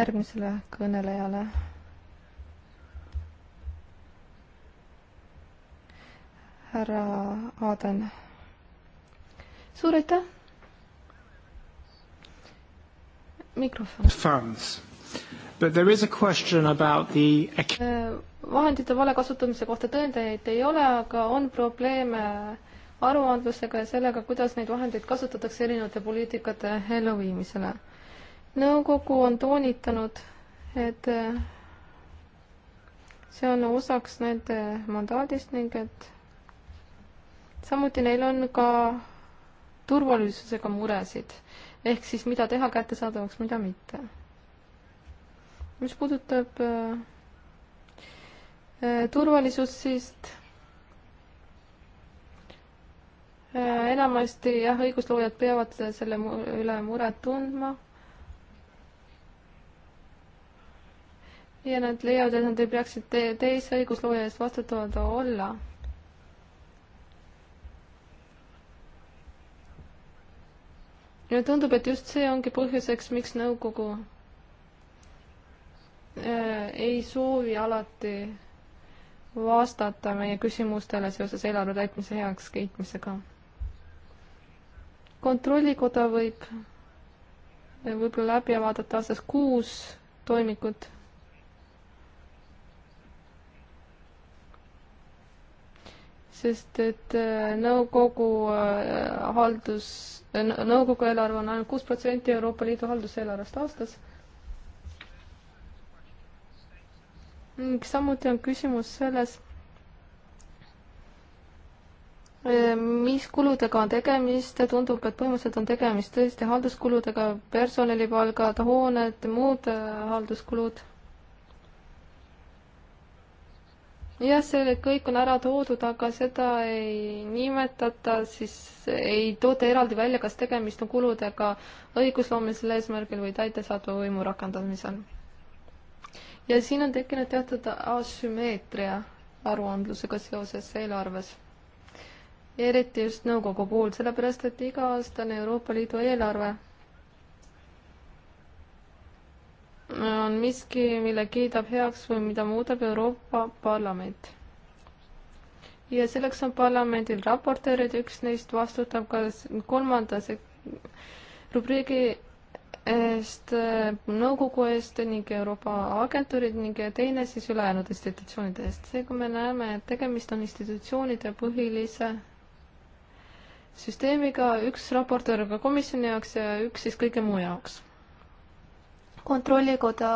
järgmisele kõnelejale härra Aaden. suur aitäh. mikrofon. Funds. But there is a question about the äh, vahendite vale kasutamise kohta tõendeid ei ole, aga on probleeme aruandlusega ja sellega, kuidas neid vahendeid kasutatakse erinevate poliitikate elluviimisele. nõukogu on toonitanud, et äh, see on osaks nende mandaadist ning et samuti neil on ka turvalisusega muresid, ehk siis mida teha kättesaadavaks, mida mitte. mis puudutab äh, äh, turvalisust, siis äh, enamasti jah, õigusloojad peavad selle mu üle muret tundma. ja nad leiavad, et nad ei peaksid te teise õiguslooja eest vastutavad olla mulle tundub, et just see ongi põhjuseks, miks nõukogu äh, ei soovi alati vastata meie küsimustele seoses eelarve täitmise heakskiitmisega. kontrollikoda võib võib-olla läbi vaadata aastas kuus toimikut sest et äh, nõukogu äh, haldus, äh, nõukogu eelarve on ainult kuus protsenti Euroopa Liidu halduseelarvest aastas. ning samuti on küsimus selles, mis kuludega on tegemist, tundub, et põhimõtteliselt on tegemist tõesti halduskuludega, personalipalgad, hooned, muud halduskulud jah, see kõik on ära toodud, aga seda ei nimetata, siis ei tooda eraldi välja, kas tegemist on kuludega õigusloomelisel eesmärgil või täidesaatva võimu rakendamisel. ja siin on tekkinud teatud asümmeetria aruandlusega seoses eelarves. eriti just nõukogu puhul, sellepärast et iga-aastane Euroopa Liidu eelarve on miski, mille kiidab heaks või mida muudab Euroopa Parlament. ja selleks on parlamendil raportöörid, üks neist vastutab ka kolmanda rubriigi eest, nõukogu eest ning Euroopa agentuurid ning teine siis ülejäänud institutsioonide eest. seega me näeme, et tegemist on institutsioonide põhilise süsteemiga, üks raportöör ka komisjoni jaoks ja üks siis kõige muu jaoks kontrollikoda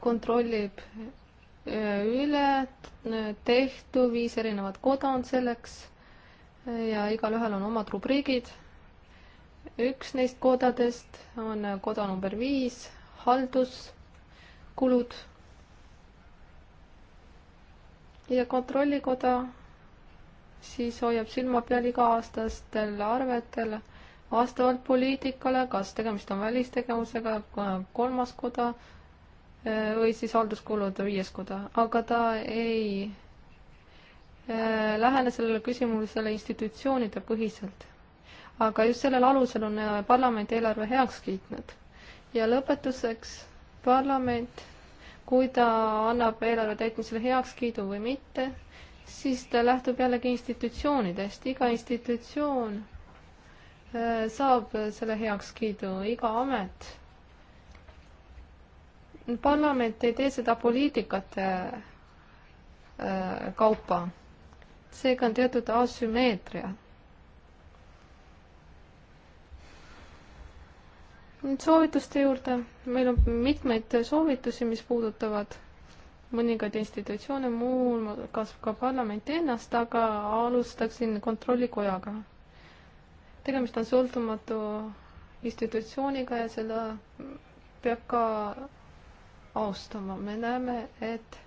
kontrollib e, üle, e, tehtu, viis erinevat koda on selleks e, ja igalühel on omad rubriigid. üks neist kodadest on koda number viis, halduskulud. ja kontrollikoda siis hoiab silma peal iga-aastastel arvetel vastavalt poliitikale, kas tegemist on välistegevusega, kolmas koda eh, või siis halduskulude viies koda, aga ta ei eh, lähene sellele küsimusele institutsioonide põhiselt. aga just sellel alusel on eh, parlament eelarve heaks kiitnud. ja lõpetuseks parlament, kui ta annab eelarve täitmisele heakskiidu või mitte, siis ta lähtub jällegi institutsioonidest, iga institutsioon Äh, saab selle heakskiidu, iga amet. parlament ei tee seda poliitikate äh, äh, kaupa. seega on teatud asümmeetria nüüd soovituste juurde, meil on mitmeid soovitusi, mis puudutavad mõningaid institutsioone, muuhulgas ka parlamenti ennast, aga alustaksin kontrollikojaga tegemist on sõltumatu institutsiooniga ja seda peab ka austama. me näeme, et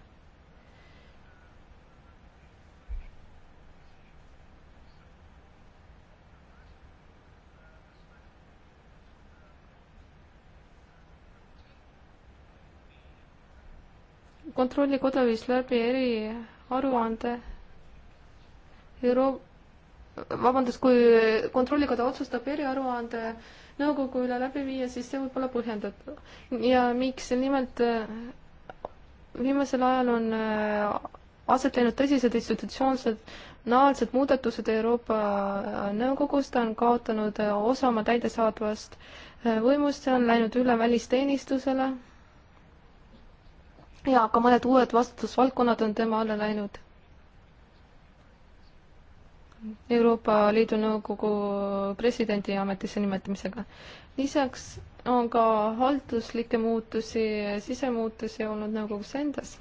kontrollikoda viis läbi eriaruande Euroopa vabandust, kui kontrollikoda otsustab eriaruande nõukogu üle läbi viia, siis see võib olla põhjendatud. ja miks, nimelt äh, viimasel ajal on äh, aset leidnud tõsised institutsionaalsed muudatused Euroopa äh, Nõukogus, ta on kaotanud osa oma täidesaatvast võimust, see on läinud üle välisteenistusele ja ka mõned uued vastutusvaldkonnad on tema alla läinud Euroopa Liidu Nõukogu presidendi ametisse nimetamisega. lisaks on ka halduslikke muutusi, sisemuutusi olnud nõukogus endas.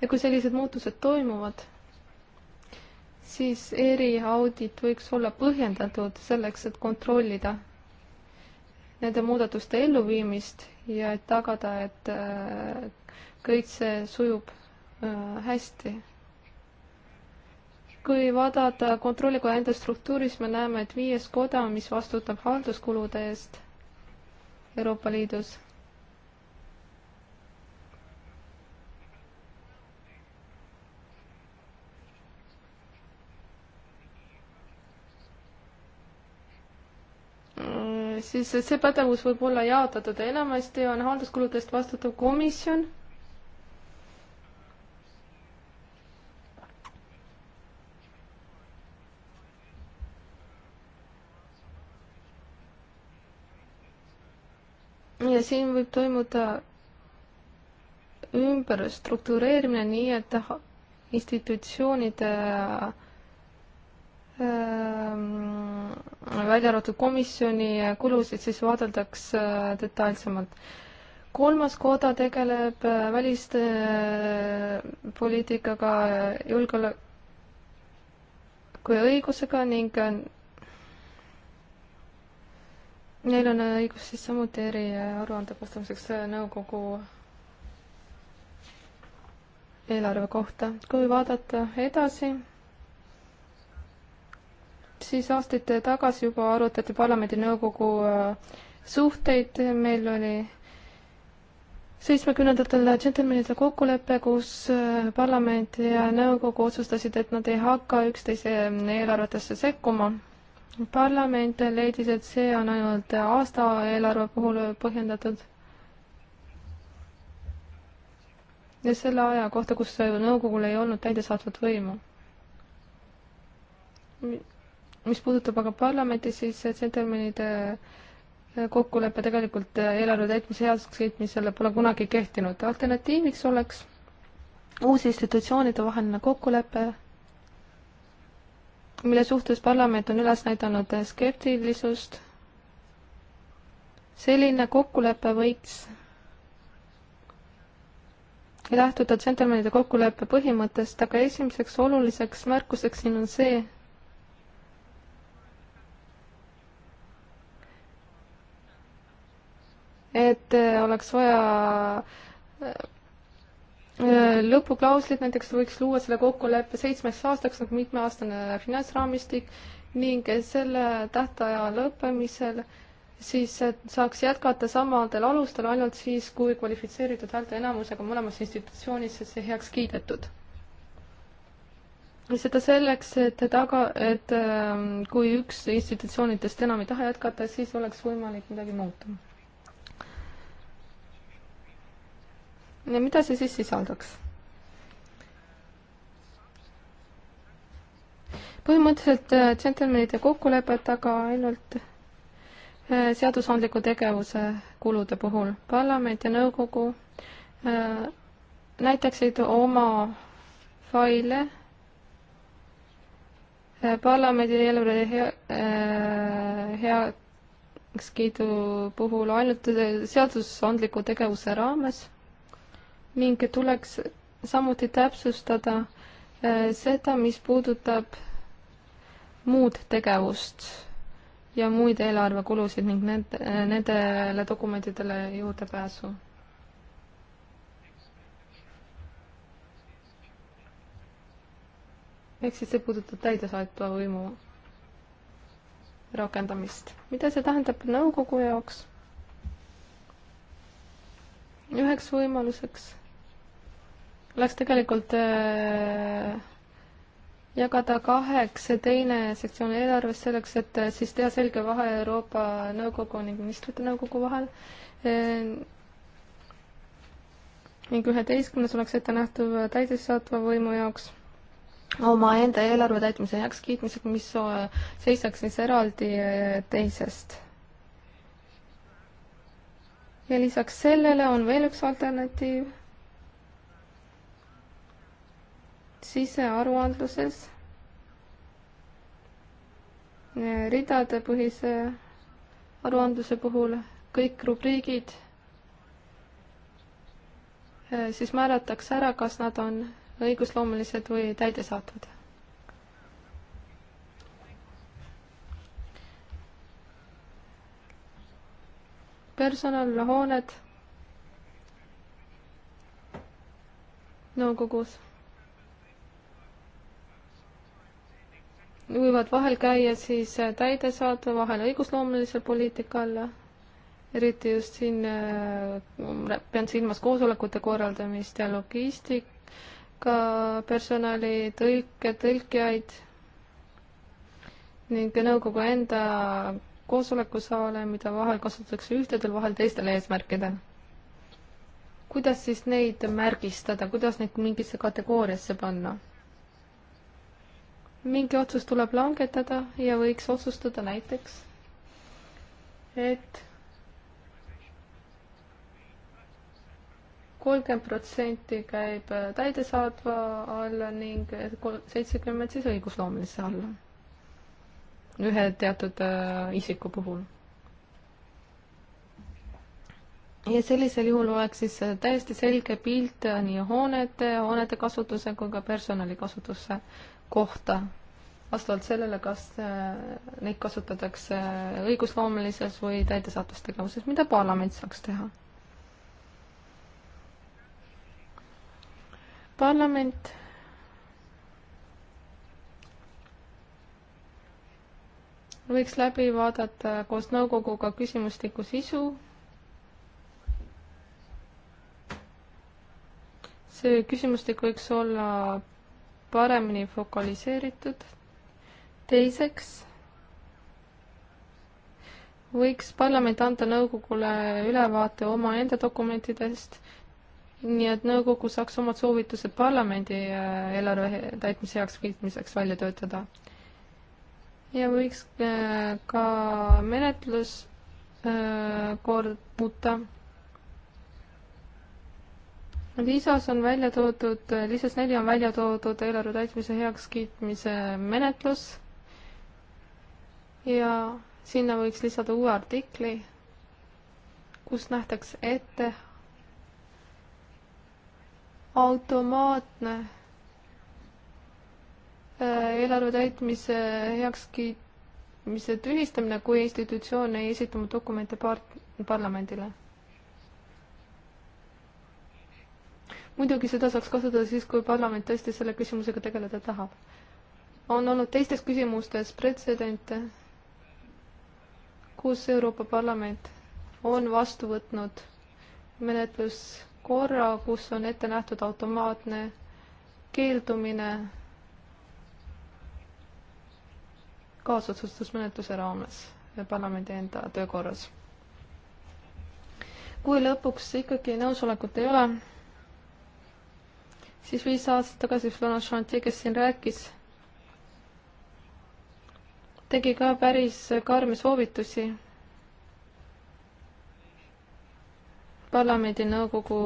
ja kui sellised muutused toimuvad, siis eriaudit võiks olla põhjendatud selleks, et kontrollida nende muudatuste elluviimist ja et tagada, et äh, kõik see sujub äh, hästi kui vaadata kontrollikoja enda struktuuri, siis me näeme, et viies koda, mis vastutab halduskulude eest Euroopa Liidus, siis see pädevus võib olla jaotatud, enamasti on halduskuludest vastutav komisjon ja siin võib toimuda ümberstruktureerimine nii, et institutsioonide ähm, välja arvatud komisjoni kulusid siis vaadeldakse äh, detailsemalt. kolmas koda tegeleb äh, välispoliitikaga, äh, julgeoleku ja õigusega ning Neil on äh, õigus siis samuti eriaruande koostamiseks äh, nõukogu eelarve kohta. kui vaadata edasi, siis aastaid tagasi juba arutati parlamendi nõukogu äh, suhteid, meil oli seitsmekümnendatel džentelmenide kokkulepe, kus parlament ja nõukogu otsustasid, et nad ei hakka üksteise eelarvetesse sekkuma parlament leidis, et see on ainult aastaeelarve puhul põhjendatud. ja selle aja kohta, kus nõukogul ei olnud täidesaatvat võimu. mis puudutab aga parlamenti, siis džentelmenide kokkulepe tegelikult eelarve täitmise heakskiitmisele pole kunagi kehtinud. alternatiiviks oleks uus institutsioonide vaheline kokkulepe mille suhtes parlament on üles näidanud skeptilisust. selline kokkulepe võiks lähtuda džentelmenide kokkuleppe põhimõttest, aga esimeseks oluliseks märkuseks siin on see, et oleks vaja Äh, lõpuklauslid näiteks võiks luua selle kokkuleppe seitsmeks aastaks nagu mitmeaastane finantsraamistik ning selle tähtaja lõppemisel siis äh, saaks jätkata samadel alustel ainult siis, kui kvalifitseeritud häälteenamusega mõlemas institutsioonis see heaks kiidetud. seda selleks, et taga, et ähm, kui üks institutsioonidest enam ei taha jätkata, siis oleks võimalik midagi muuta ja mida see siis sisaldaks? põhimõtteliselt äh, džentelmenide kokkulepet, aga ainult äh, seadusandliku tegevuse kulude puhul. parlament ja nõukogu äh, näitaksid oma faile parlamendi eelarve hea, heakskiidu puhul ainult seadusandliku tegevuse raames ning tuleks samuti täpsustada eh, seda, mis puudutab muud tegevust ja muid eelarvekulusid ning need, eh, nendele dokumentidele juurdepääsu. ehk siis see puudutab täidesaatva võimu rakendamist. mida see tähendab nõukogu jaoks? üheks võimaluseks oleks tegelikult äh, jagada kaheks teine sektsioon eelarves selleks, et äh, siis teha selge vahe Euroopa Nõukogu ning ministrite nõukogu vahel. Äh, ning üheteistkümnes oleks ette nähtud täidesaatva võimu jaoks omaenda eelarve täitmise heakskiitmisega, mis seisaks siis eraldi teisest. ja lisaks sellele on veel üks alternatiiv sisearuandluses ridadepõhise aruandluse puhul kõik rubriigid eh, siis määratakse ära, kas nad on õigusloomelised või täidesaatvad. personal, hooned nõukogus no, võivad vahel käia siis täidesaatva, vahel õigusloomelise poliitika alla, eriti just siin äh, pean silmas koosolekute korraldamist ja logistika personali, tõlke, tõlkijaid ning nõukogu enda koosolekusaale, mida vahel kasutatakse ühtedel, vahel teistel eesmärkidel. kuidas siis neid märgistada, kuidas neid mingisse kategooriasse panna? mingi otsus tuleb langetada ja võiks otsustada näiteks, et kolmkümmend protsenti käib täidesaatva alla ning seitsekümmend siis õigusloomelise alla. ühe teatud äh, isiku puhul. ja sellisel juhul oleks siis täiesti selge pilt nii hoonete, hoonete kasutuse kui ka personali kasutuse äh, kohta vastavalt sellele, kas äh, neid kasutatakse õigusloomelises või täidesaatvas tegevuses, mida parlament saaks teha. parlament võiks läbi vaadata koos nõukoguga küsimustiku sisu. see küsimustik võiks olla paremini fokaliseeritud. teiseks võiks parlament anda nõukogule ülevaate omaenda dokumentidest, nii et nõukogu saaks omad soovitused parlamendi äh, eelarve täitmise heakskiitmiseks välja töötada. ja võiks äh, ka menetlus äh, kord muuta lisas on välja toodud, lisas neli on välja toodud eelarve täitmise heakskiitmise menetlus ja sinna võiks lisada uue artikli, kus nähtakse ette automaatne äh, eelarve täitmise heakskiitmise tühistamine, kui institutsioon ei esitanud dokumente par-, parlamendile muidugi seda saaks kasutada siis, kui parlament tõesti selle küsimusega tegeleda tahab. on olnud teistes küsimustes pretsedente, kus Euroopa Parlament on vastu võtnud menetluskorra, kus on ette nähtud automaatne keeldumine kaasotsustusmenetluse raames ja parlamendi enda töökorras. kui lõpuks ikkagi nõusolekut ei ole, siis viis aastat tagasi Florence Chantier, kes siin rääkis, tegi ka päris karme soovitusi parlamendi nõukogu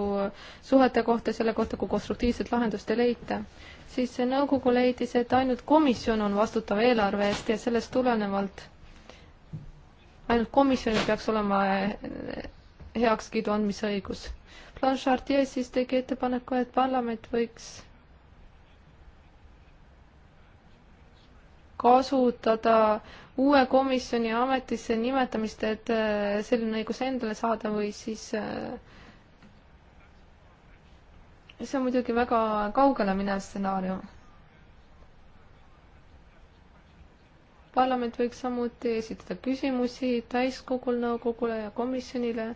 suhete kohta, selle kohta, kui konstruktiivset lahendust ei leita, siis see nõukogu leidis, et ainult komisjon on vastutav eelarve eest ja sellest tulenevalt ainult komisjonil peaks olema heakskiidu andmise õigus. Claude Chartier siis tegi ettepaneku, et parlament võiks kasutada uue komisjoni ametisse nimetamist, et äh, selline õigus endale saada või siis äh, see on muidugi väga kaugele minev stsenaarium. parlament võiks samuti esitada küsimusi täiskogul, nõukogule ja komisjonile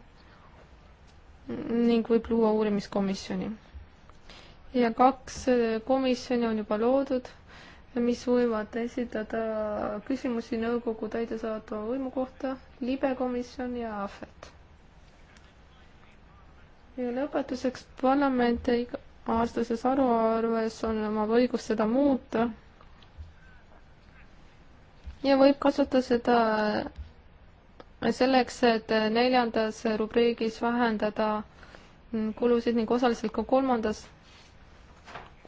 ning võib luua uurimiskomisjoni. ja kaks äh, komisjoni on juba loodud, mis võivad esitada küsimusi nõukogu täidesaatva võimu kohta, libekomisjon ja ahvet. ja lõpetuseks parlament aastases aruarves on oma õigus seda muuta ja võib kasutada seda selleks, et neljandas rubriigis vähendada kulusid ning osaliselt ka kolmandas,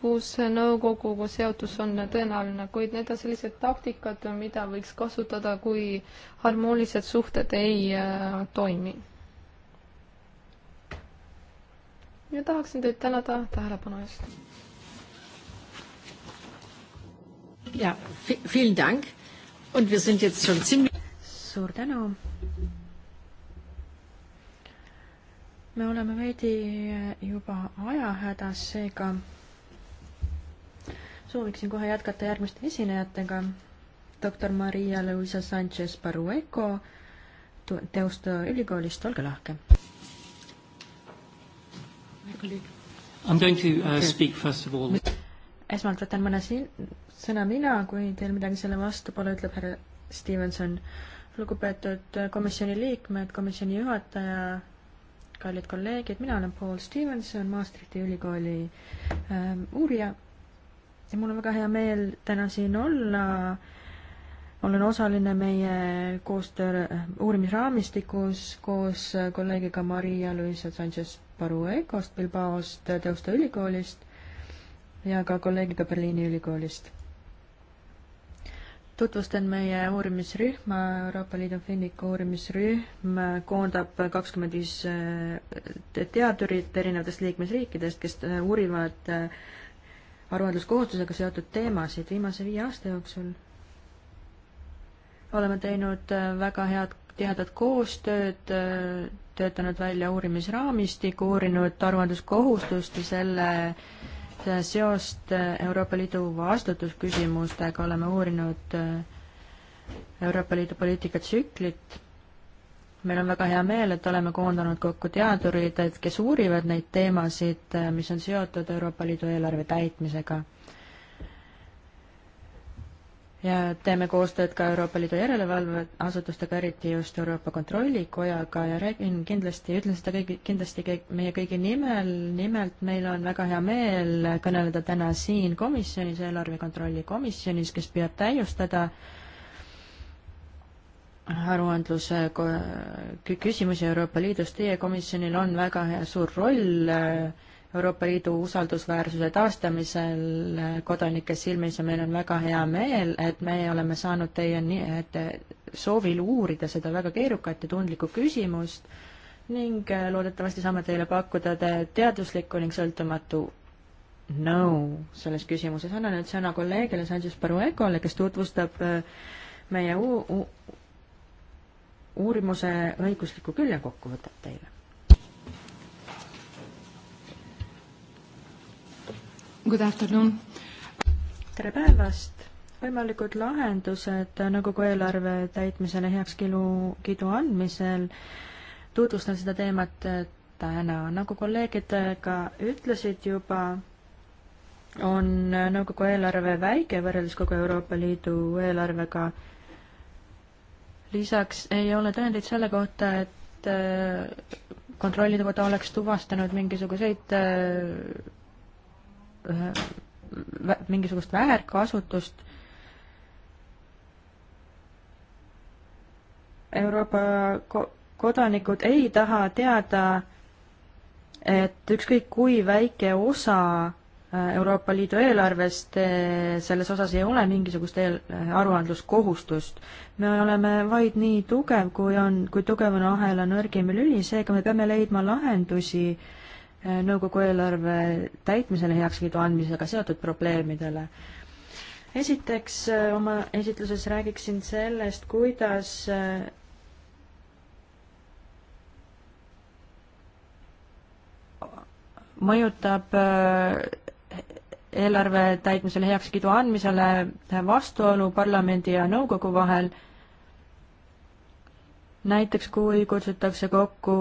kus nõukoguga seotus on tõenäoline, kuid need on sellised taktikad, mida võiks kasutada, kui harmoonilised suhted ei äh, toimi. ja tahaksin teid tänada tähelepanu eest. ja, vielen Dank und wir sind jetzt schon ziemlich suur tänu me oleme veidi juba ajahädas, seega sooviksin kohe jätkata järgmiste esinejatega. doktor Maria Luisa Sanchez Barueco Teusto ülikoolist, olge lahke. I am going to uh, speak first of all esmalt võtan mõne siin, sõna mina, kui teil midagi selle vastu pole, ütleb härra Stevenson. lugupeetud komisjoni liikmed, komisjoni juhataja, kallid kolleegid, mina olen Paul Stevenson, Maastrichti ülikooli ähm, uurija ja mul on väga hea meel täna siin olla. olen osaline meie koostöö äh, uurimisraamistikus koos äh, kolleegiga Maria Luisa Sanchez Baruecost Bilbaost, Teuste äh, ülikoolist ja ka kolleegiga Berliini ülikoolist tutvustan meie uurimisrühma, Euroopa Liidu Finniku uurimisrühm koondab kakskümmend viis äh, teadurit erinevatest liikmesriikidest, kes äh, uurivad äh, aruandluskohustusega seotud teemasid viimase viie aasta jooksul. oleme teinud väga head, tihedat koostööd, töötanud välja uurimisraamistiku, uurinud aruandluskohustust ja selle äh, seost Euroopa Liidu vastutusküsimustega oleme uurinud Euroopa Liidu poliitikatsüklit. meil on väga hea meel, et oleme koondanud kokku teadurid, et kes uurivad neid teemasid, mis on seotud Euroopa Liidu eelarve täitmisega ja teeme koostööd ka Euroopa Liidu järelevalveasutustega, eriti just Euroopa Kontrollikojaga ja räägin kindlasti, ütlen seda kõigi, kindlasti kõik, meie kõigi nimel, nimelt meil on väga hea meel kõneleda täna siin komisjonis, eelarve kontrolli komisjonis, kes püüab täiustada aruandluse küsimusi Euroopa Liidus, teie komisjonil on väga hea suur roll äh, Euroopa Liidu usaldusväärsuse taastamisel kodanike silmis ja meil on väga hea meel, et me oleme saanud teie nii, et soovil uurida seda väga keerukat ja tundlikku küsimust ning äh, loodetavasti saame teile pakkuda te teaduslikku ning sõltumatu nõu no, selles küsimuses. annan nüüd sõna kolleegile Sanchez Baruecole, kes tutvustab äh, meie u-, u-, uurimuse õiguslikku külje kokkuvõtet teile. Good afternoon. tere päevast! võimalikud lahendused nõukogu eelarve täitmisele heakskiidu, kiidu andmisel. tutvustan seda teemat täna. nagu kolleegid ka ütlesid juba, on nõukogu eelarve väike võrreldes kogu Euroopa Liidu eelarvega. lisaks ei ole tõendeid selle kohta, et kontrollitoda oleks tuvastanud mingisuguseid Äh, mingisugust väärkasutust. Euroopa ko-, kodanikud ei taha teada, et ükskõik kui väike osa äh, Euroopa Liidu eelarvest äh, selles osas ei ole mingisugust eel-, aruandluskohustust. me oleme vaid nii tugev, kui on, kui tugev on ahela nõrgim lüli, seega me peame leidma lahendusi äh, nõukogu eelarve täitmisele heakskiidu andmisega seotud probleemidele. esiteks oma esitluses räägiksin sellest, kuidas mõjutab eelarve täitmisele heakskiidu andmisele vastuolu parlamendi ja nõukogu vahel näiteks kui kutsutakse kokku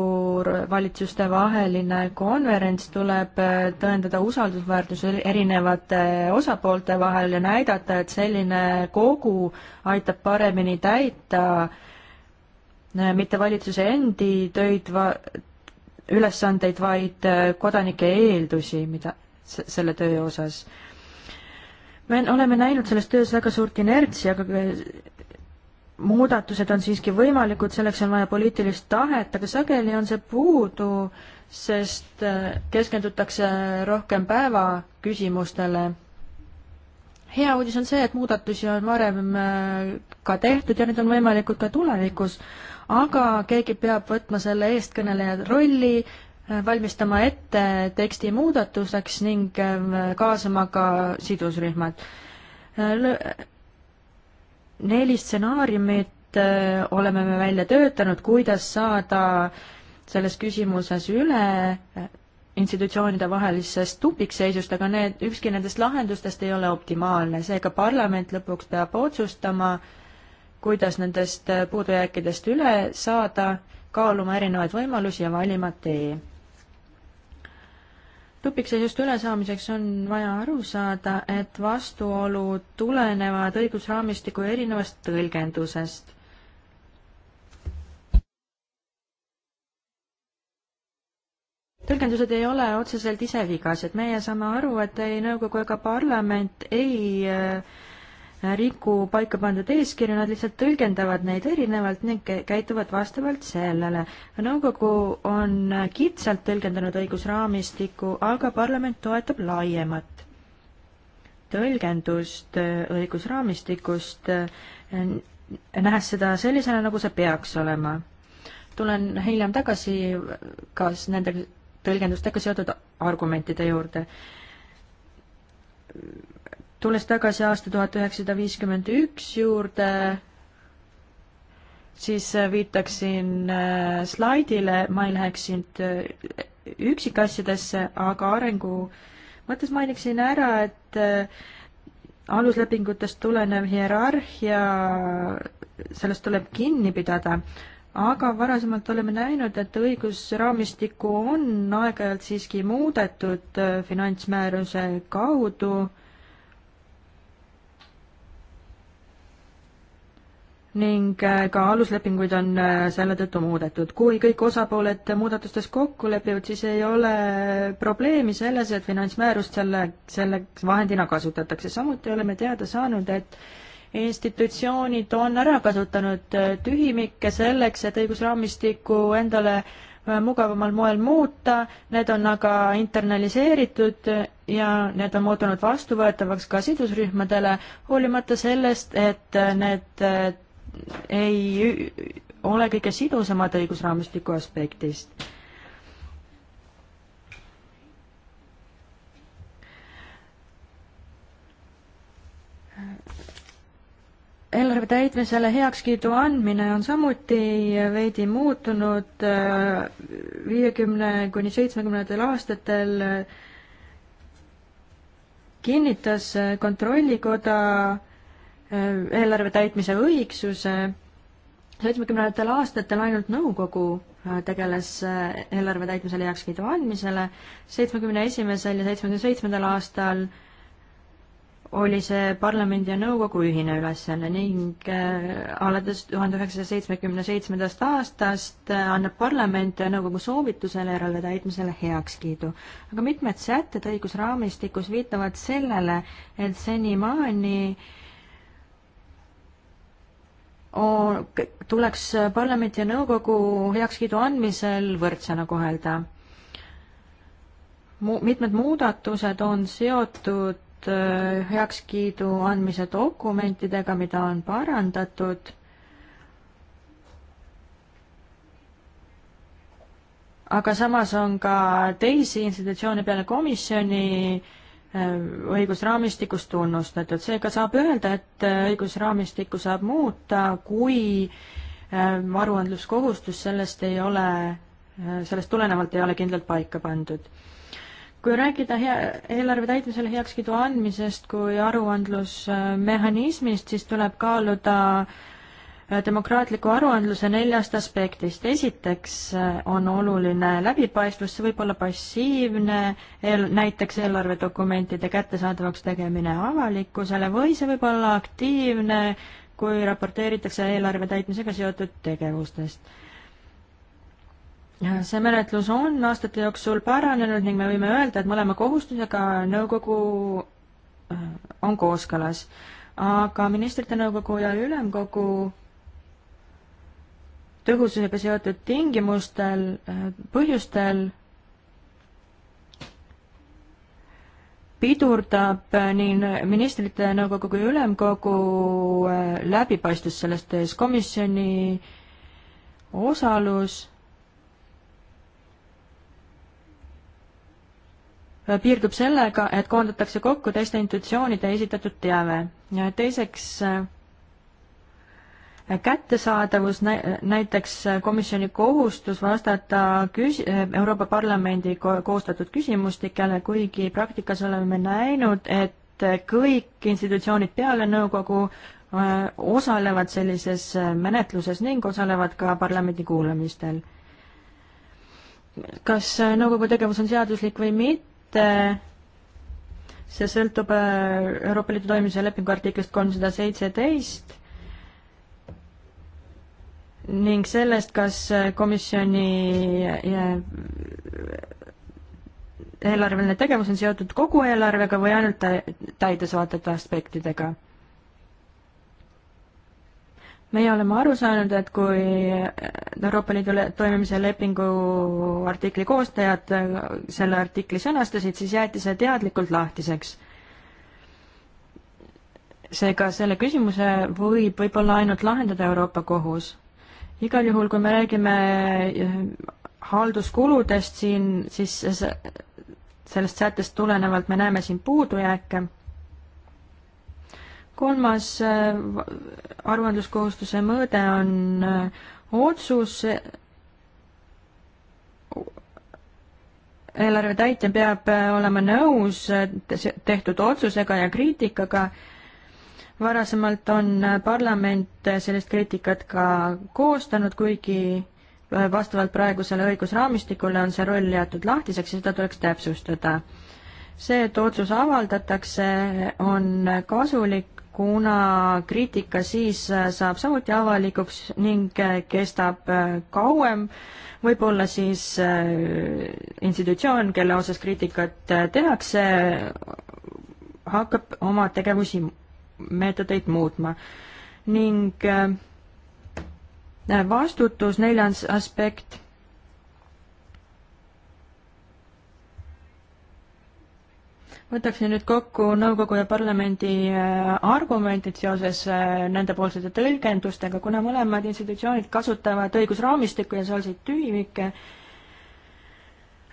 valitsuste vaheline konverents, tuleb äh, tõendada usaldusväärtus erinevate osapoolte vahel ja näidata, et selline kogu aitab paremini täita äh, mitte valitsuse endi töid, ülesandeid, vaid äh, kodanike eeldusi, mida selle töö osas me oleme näinud selles töös väga suurt inertsi, aga muudatused on siiski võimalikud, selleks on vaja poliitilist tahet, aga sageli on see puudu, sest äh, keskendutakse rohkem päeva küsimustele. hea uudis on see, et muudatusi on varem äh, ka tehtud ja need on võimalikud ka tulevikus, aga keegi peab võtma selle eestkõneleja rolli, äh, valmistama ette teksti muudatuseks ning kaasama ka sidusrühmad neli stsenaariumit äh, oleme me välja töötanud, kuidas saada selles küsimuses üle äh, institutsioonide vahelisest tupikseisust, aga need, ükski nendest lahendustest ei ole optimaalne, seega parlament lõpuks peab otsustama, kuidas nendest äh, puudujääkidest üle saada, kaaluma erinevaid võimalusi ja valima tee tupikseisust ülesaamiseks on vaja aru saada, et vastuolud tulenevad õigusraamistiku erinevast tõlgendusest. tõlgendused ei ole otseselt ise vigased, meie saame aru, et ei nõukogu ega parlament ei äh, riku paika pandud eeskirju, nad lihtsalt tõlgendavad neid erinevalt ning käituvad vastavalt sellele. nõukogu on kitsalt tõlgendanud õigusraamistikku, aga parlament toetab laiemat tõlgendust äh, õigusraamistikust, äh, nähes seda sellisena, nagu see peaks olema. tulen hiljem tagasi kas nende tõlgendustega seotud argumentide juurde tulles tagasi aasta tuhat üheksasada viiskümmend üks juurde, siis äh, viitaksin äh, slaidile, ma ei läheks siin äh, üksikasjadesse, aga arengu mõttes mainiksin ära, et aluslepingutest tulenev hierarhia, sellest tuleb kinni pidada, aga varasemalt oleme näinud, et õigusraamistikku on aeg-ajalt siiski muudetud finantsmääruse kaudu ning äh, ka aluslepinguid on äh, selle tõttu muudetud. kui kõik osapooled muudatustes kokku lepivad, siis ei ole probleemi selles, et finantsmäärust selle, selleks vahendina kasutatakse. samuti oleme teada saanud, et institutsioonid on ära kasutanud äh, tühimikke selleks, et õigusraamistikku endale mugavamal moel muuta, need on aga internaliseeritud ja need on muutunud vastuvõetavaks ka sidusrühmadele, hoolimata sellest, et need ei ole kõige sidusamad õigusraamistiku aspektist. eelarve täitmisele heakskiidu andmine on samuti veidi muutunud äh, viiekümne kuni seitsmekümnendatel aastatel kinnitas Kontrollikoda Äh, eelarve täitmise õigsuse. seitsmekümnendatel aastatel ainult nõukogu äh, tegeles äh, eelarve täitmisele heakskiidu andmisele, seitsmekümne esimesel ja seitsmekümne seitsmendal aastal oli see parlamendi ja nõukogu ühine ülesanne ning alates tuhande üheksasaja seitsmekümne seitsmendast aastast annab parlament nõukogu soovitusele järele täitmisele heakskiidu. aga mitmed sätted õigusraamistikus viitavad sellele, et senimaani äh, tuleks parlamendi ja nõukogu heakskiidu andmisel võrdsena kohelda. Mu-, mitmed muudatused on seotud äh, heakskiidu andmise dokumentidega, mida on parandatud, aga samas on ka teisi institutsioone peale komisjoni äh, Äh, õigusraamistikust tunnustatud, seega saab öelda, et äh, õigusraamistikku saab muuta, kui äh, aruandluskohustus sellest ei ole, sellest tulenevalt ei ole kindlalt paika pandud. kui rääkida hea, eelarve täitmisele heakskiidu andmisest kui aruandlusmehhanismist, siis tuleb kaaluda äh, Äh, demokraatliku aruandluse neljast aspektist. esiteks äh, on oluline läbipaistvus, see võib olla passiivne, näiteks eelarvedokumentide kättesaadavaks tegemine avalikkusele või see võib olla aktiivne, kui raporteeritakse eelarve täitmisega seotud tegevustest äh, see menetlus on aastate jooksul paranenud ning me võime öelda, et mõlema kohustusega nõukogu on kooskõlas. aga ministrite nõukogu ja ülemkogu tõhususega seotud tingimustel, äh, põhjustel pidurdab äh, nii ministrite nõukogu kui ülemkogu äh, läbipaistvus selles töös, komisjoni osalus piirdub sellega, et koondatakse kokku teiste institutsioonide esitatud teave. teiseks kättesaadavus, näiteks komisjoni kohustus vastata küs-, Euroopa Parlamendi ko koostatud küsimustikele, kuigi praktikas oleme näinud, et kõik institutsioonid peale nõukogu osalevad sellises menetluses ning osalevad ka parlamendi kuulamistel. kas nõukogu tegevus on seaduslik või mitte, see sõltub Euroopa Liidu toimimise lepingu artiklist kolmsada seitseteist ning sellest, kas komisjoni eelarveline tegevus on seotud kogu eelarvega või ainult täidesaatete aspektidega. meie oleme aru saanud, et kui Euroopa Liidu toimimise lepingu artikli koostajad selle artikli sõnastasid, siis jäeti see teadlikult lahtiseks seega selle küsimuse võib võib-olla ainult lahendada Euroopa Kohus igal juhul, kui me räägime eh, halduskuludest siin, siis sellest sättest tulenevalt me näeme siin puudujääke. kolmas eh, aruandluskohustuse mõõde on eh, otsus. eelarve täitja peab olema nõus tehtud otsusega ja kriitikaga varasemalt on parlament sellist kriitikat ka koostanud, kuigi äh, vastavalt praegusele õigusraamistikule on see roll jäetud lahtiseks ja seda tuleks täpsustada. see, et otsus avaldatakse, on kasulik, kuna kriitika siis äh, saab samuti avalikuks ning äh, kestab kauem, võib-olla siis institutsioon, kelle osas kriitikat tehakse, hakkab oma tegevusi meetodeid muutma. ning äh, vastutus, neljas aspekt võtaksin nüüd kokku nõukogu ja parlamendi äh, argumendid seoses äh, nendepoolsete tõlgendustega, kuna mõlemad institutsioonid kasutavad õigusraamistikku ja sealseid tühimikke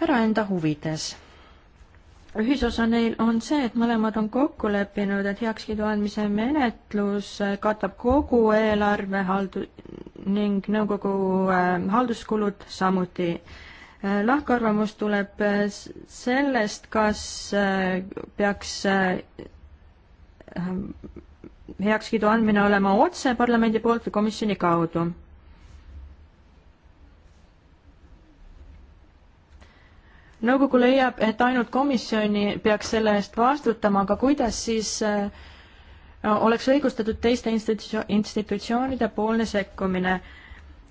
ära enda huvides ühisosa neil on see, et mõlemad on kokku leppinud, et heakskiidu andmise menetlus äh, katab kogu eelarve haldu- ning nõukogu äh, halduskulud samuti. Äh, lahkarvamus tuleb sellest, kas peaks heakskiidu andmine olema otse parlamendi poolt või komisjoni kaudu nõukogu leiab, et ainult komisjoni peaks selle eest vastutama, aga kuidas siis äh, oleks õigustatud teiste institutsio-, institutsioonide poolne sekkumine?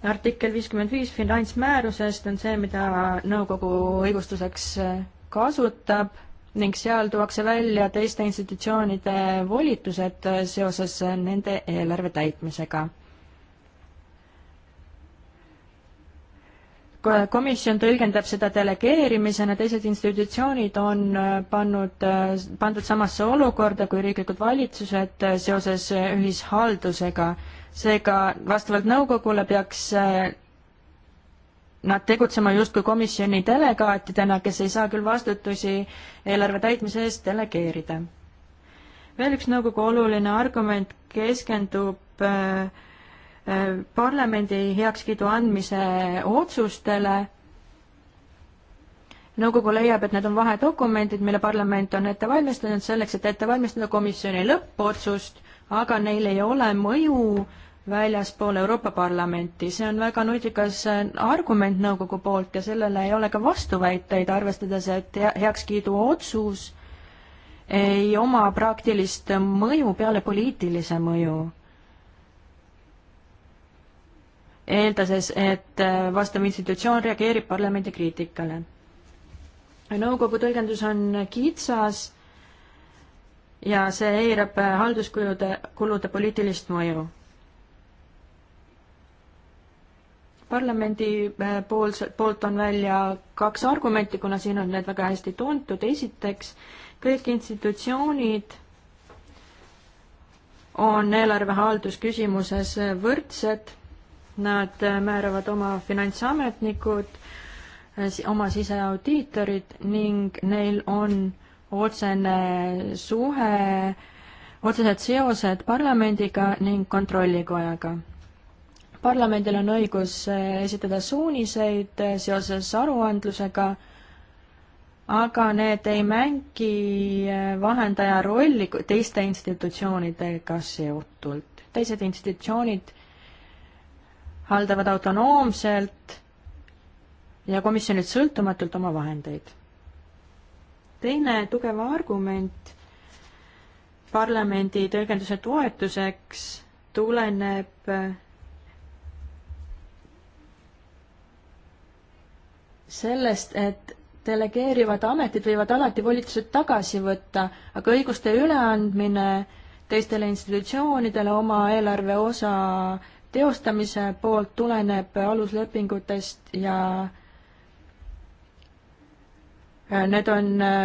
artikkel viiskümmend viis finantsmäärusest on see, mida nõukogu õigustuseks äh, kasutab ning seal tuuakse välja teiste institutsioonide volitused äh, seoses nende eelarve täitmisega komisjon tõlgendab seda delegeerimisena, teised institutsioonid on äh, pannud, äh, pandud samasse olukorda kui riiklikud valitsused äh, seoses ühishaldusega. seega vastavalt nõukogule peaks nad tegutsema justkui komisjoni delegaatidena, kes ei saa küll vastutusi eelarve täitmise eest delegeerida. veel üks nõukogu oluline argument keskendub äh, Äh, parlamendi heakskiidu andmise otsustele. nõukogu leiab, et need on vahedokumendid, mille parlament on ette valmistanud selleks, et ette valmistada komisjoni lõppotsust, aga neil ei ole mõju väljaspool Euroopa Parlamenti, see on väga nutikas äh, argument nõukogu poolt ja sellele ei ole ka vastuväiteid, arvestades, et heakskiidu otsus ei oma praktilist mõju peale poliitilise mõju eeldades, et äh, vastav institutsioon reageerib parlamendi kriitikale. nõukogu tõlgendus on kitsas ja see eirab äh, halduskulude, kulude poliitilist mõju. parlamendi äh, pools, poolt on välja kaks argumenti, kuna siin on need väga hästi tuntud, esiteks kõik institutsioonid on eelarve haldusküsimuses võrdsed Nad äh, määravad oma finantsametnikud, äh, oma siseaudiitorid ning neil on otsene suhe, otsesed seosed parlamendiga ning kontrollikojaga. parlamendil on õigus äh, esitada suuniseid seoses aruandlusega, aga need ei mängi vahendaja rolli teiste institutsioonidega seotult. teised institutsioonid haldavad autonoomselt ja komisjonilt sõltumatult oma vahendeid. teine tugev argument parlamendi tõlgenduse toetuseks tuleneb sellest, et delegeerivad ametid võivad alati volitused tagasi võtta, aga õiguste üleandmine teistele institutsioonidele oma eelarve osa teostamise poolt tuleneb aluslepingutest ja äh, need on äh,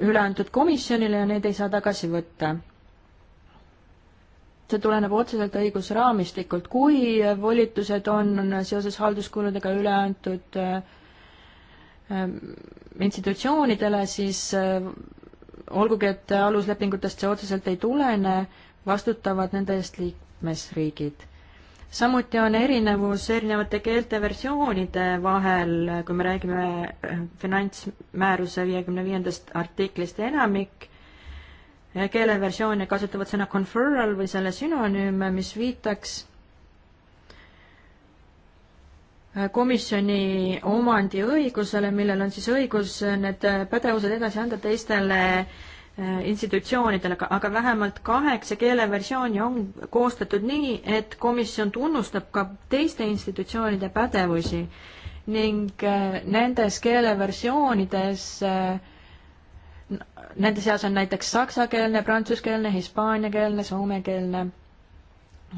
üle antud komisjonile ja need ei saa tagasi võtta. see tuleneb otseselt õigusraamistikult, kui volitused on seoses halduskuludega üle antud äh, ähm, institutsioonidele, siis olgugi, et aluslepingutest see otseselt ei tulene, vastutavad nende eest liik-, liikmesriigid. samuti on erinevus erinevate keelte versioonide vahel, kui me räägime äh, finantsmääruse viiekümne viiendast artiklist, enamik äh, keeleversioone kasutavad sõna conferral või selle sünonüüme, mis viitaks äh, komisjoni omandiõigusele, millel on siis õigus need pädevused edasi anda teistele Äh, institutsioonidele, aga vähemalt kaheksa keeleversiooni on koostatud nii, et komisjon tunnustab ka teiste institutsioonide pädevusi ning äh, nendes keeleversioonides äh, Nende seas on näiteks saksakeelne, prantsuskeelne, hispaaniakeelne, soomekeelne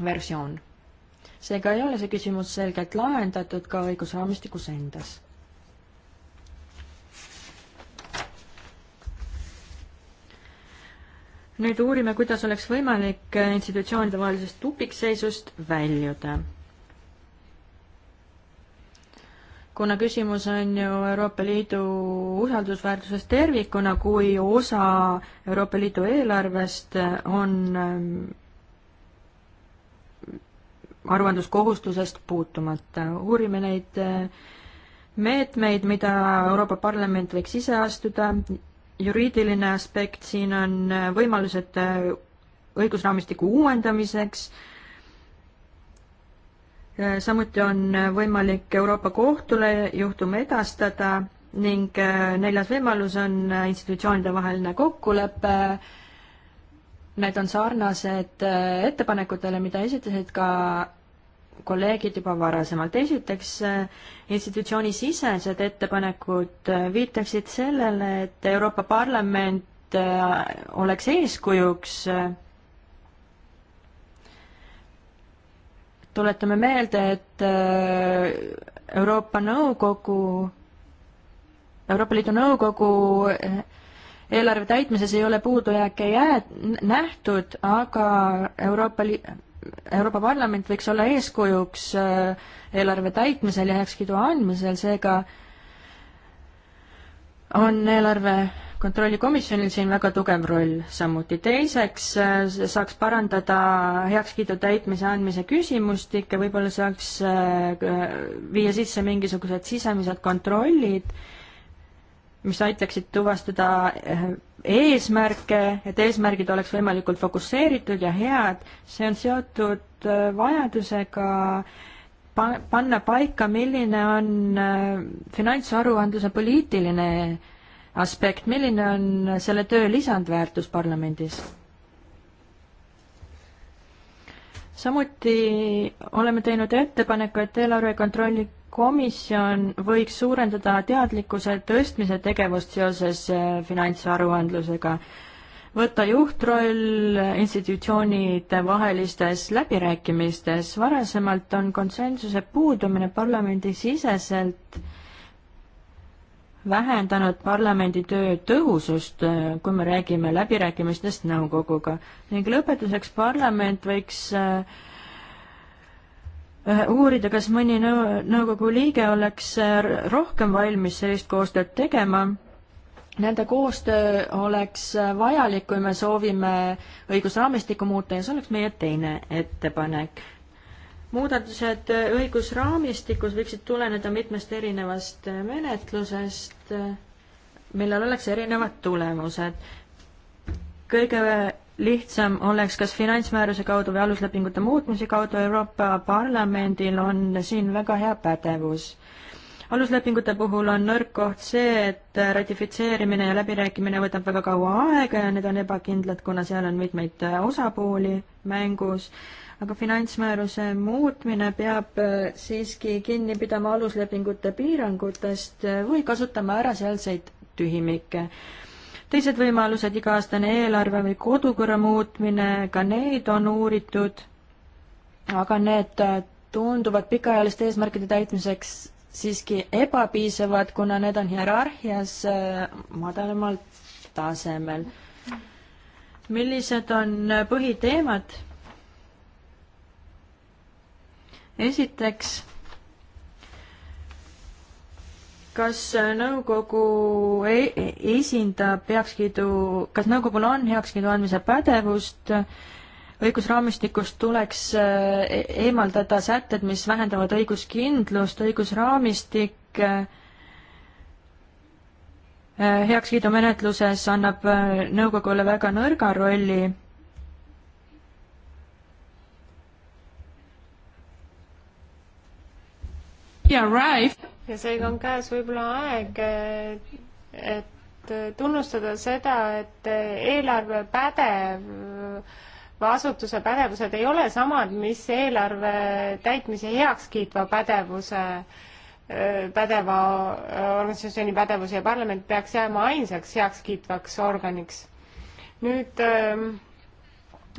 versioon. seega ei ole see küsimus selgelt lahendatud ka õigusraamistikus endas nüüd uurime, kuidas oleks võimalik institutsioonide vahelisest tupikseisust väljuda. kuna küsimus on ju Euroopa Liidu usaldusväärsusest tervikuna, kui osa Euroopa Liidu eelarvest on ähm, aruandluskohustusest puutumata. uurime neid äh, meetmeid, mida Euroopa Parlament võiks ise astuda juriidiline aspekt, siin on võimalused äh, õigusraamistiku uuendamiseks, äh, samuti on äh, võimalik Euroopa Kohtule juhtum edastada ning neljas võimalus on institutsioonide vaheline kokkulepe, need on sarnased ettepanekutele, mida esitasid ka kolleegid juba varasemalt. esiteks, äh, institutsioonisisesed ettepanekud äh, viitaksid sellele, et Euroopa Parlament äh, oleks eeskujuks. tuletame meelde, et Euroopa Nõukogu, Euroopa Liidu Nõukogu eelarve täitmises ei ole puudujääke jää-, nähtud, aga Euroopa Liit, Euroopa Parlament võiks olla eeskujuks äh, eelarve täitmisel ja heakskiidu andmisel, seega on eelarve kontrollikomisjonil siin väga tugev roll samuti. teiseks äh, saaks parandada heakskiidu täitmise andmise küsimustikke, võib-olla saaks äh, viia sisse mingisugused sisemised kontrollid, mis aitaksid tuvastada eesmärke, et eesmärgid oleks võimalikult fokusseeritud ja head, see on seotud äh, vajadusega pa-, panna paika, milline on äh, finantsaruandluse poliitiline aspekt, milline on selle töö lisandväärtus parlamendis? samuti oleme teinud ettepaneku, et eelarve kontrolli komisjon võiks suurendada teadlikkuse tõstmise tegevust seoses äh, finantsaruandlusega, võtta juhtroll institutsioonide vahelistes läbirääkimistes, varasemalt on konsensuse puudumine parlamendisiseselt vähendanud parlamendi töö tõhusust, äh, kui me räägime läbirääkimistest nõukoguga. ning lõpetuseks parlament võiks äh, Äh, uurida, kas mõni nõu-, nõukogu liige oleks äh, rohkem valmis sellist koostööd tegema. Nende koostöö oleks äh, vajalik, kui me soovime õigusraamistikku muuta ja see oleks meie teine ettepanek. muudatused õigusraamistikus võiksid tuleneda mitmest erinevast menetlusest, millel oleks erinevad tulemused. kõige lihtsam oleks kas finantsmääruse kaudu või aluslepingute muutmise kaudu, Euroopa Parlamendil on siin väga hea pädevus. aluslepingute puhul on nõrk koht see, et ratifitseerimine ja läbirääkimine võtab väga kaua aega ja need on ebakindlad, kuna seal on mitmeid osapooli mängus, aga finantsmääruse muutmine peab siiski kinni pidama aluslepingute piirangutest või kasutama ära sealseid tühimikke teised võimalused, iga-aastane eelarve või kodukorra muutmine, ka need on uuritud, aga need äh, tunduvad pikaajaliste eesmärkide täitmiseks siiski ebapiisavad, kuna need on hierarhias äh, madalamal tasemel. millised on äh, põhiteemad? esiteks kas nõukogu e-, e-, esindab heakskiidu, kas nõukogul on heakskiidu andmise pädevust? õigusraamistikust tuleks e-, eemaldada sätted, mis vähendavad õiguskindlust, õigusraamistik heakskiidumenetluses annab nõukogule väga nõrga rolli ja seega on käes võib-olla aeg, et tunnustada seda, et eelarve pädev asutuse pädevused ei ole samad, mis eelarve täitmise heakskiitva pädevuse pädeva organisatsiooni pädevus ja parlament peaks jääma ainsaks heakskiitvaks organiks. nüüd ähm,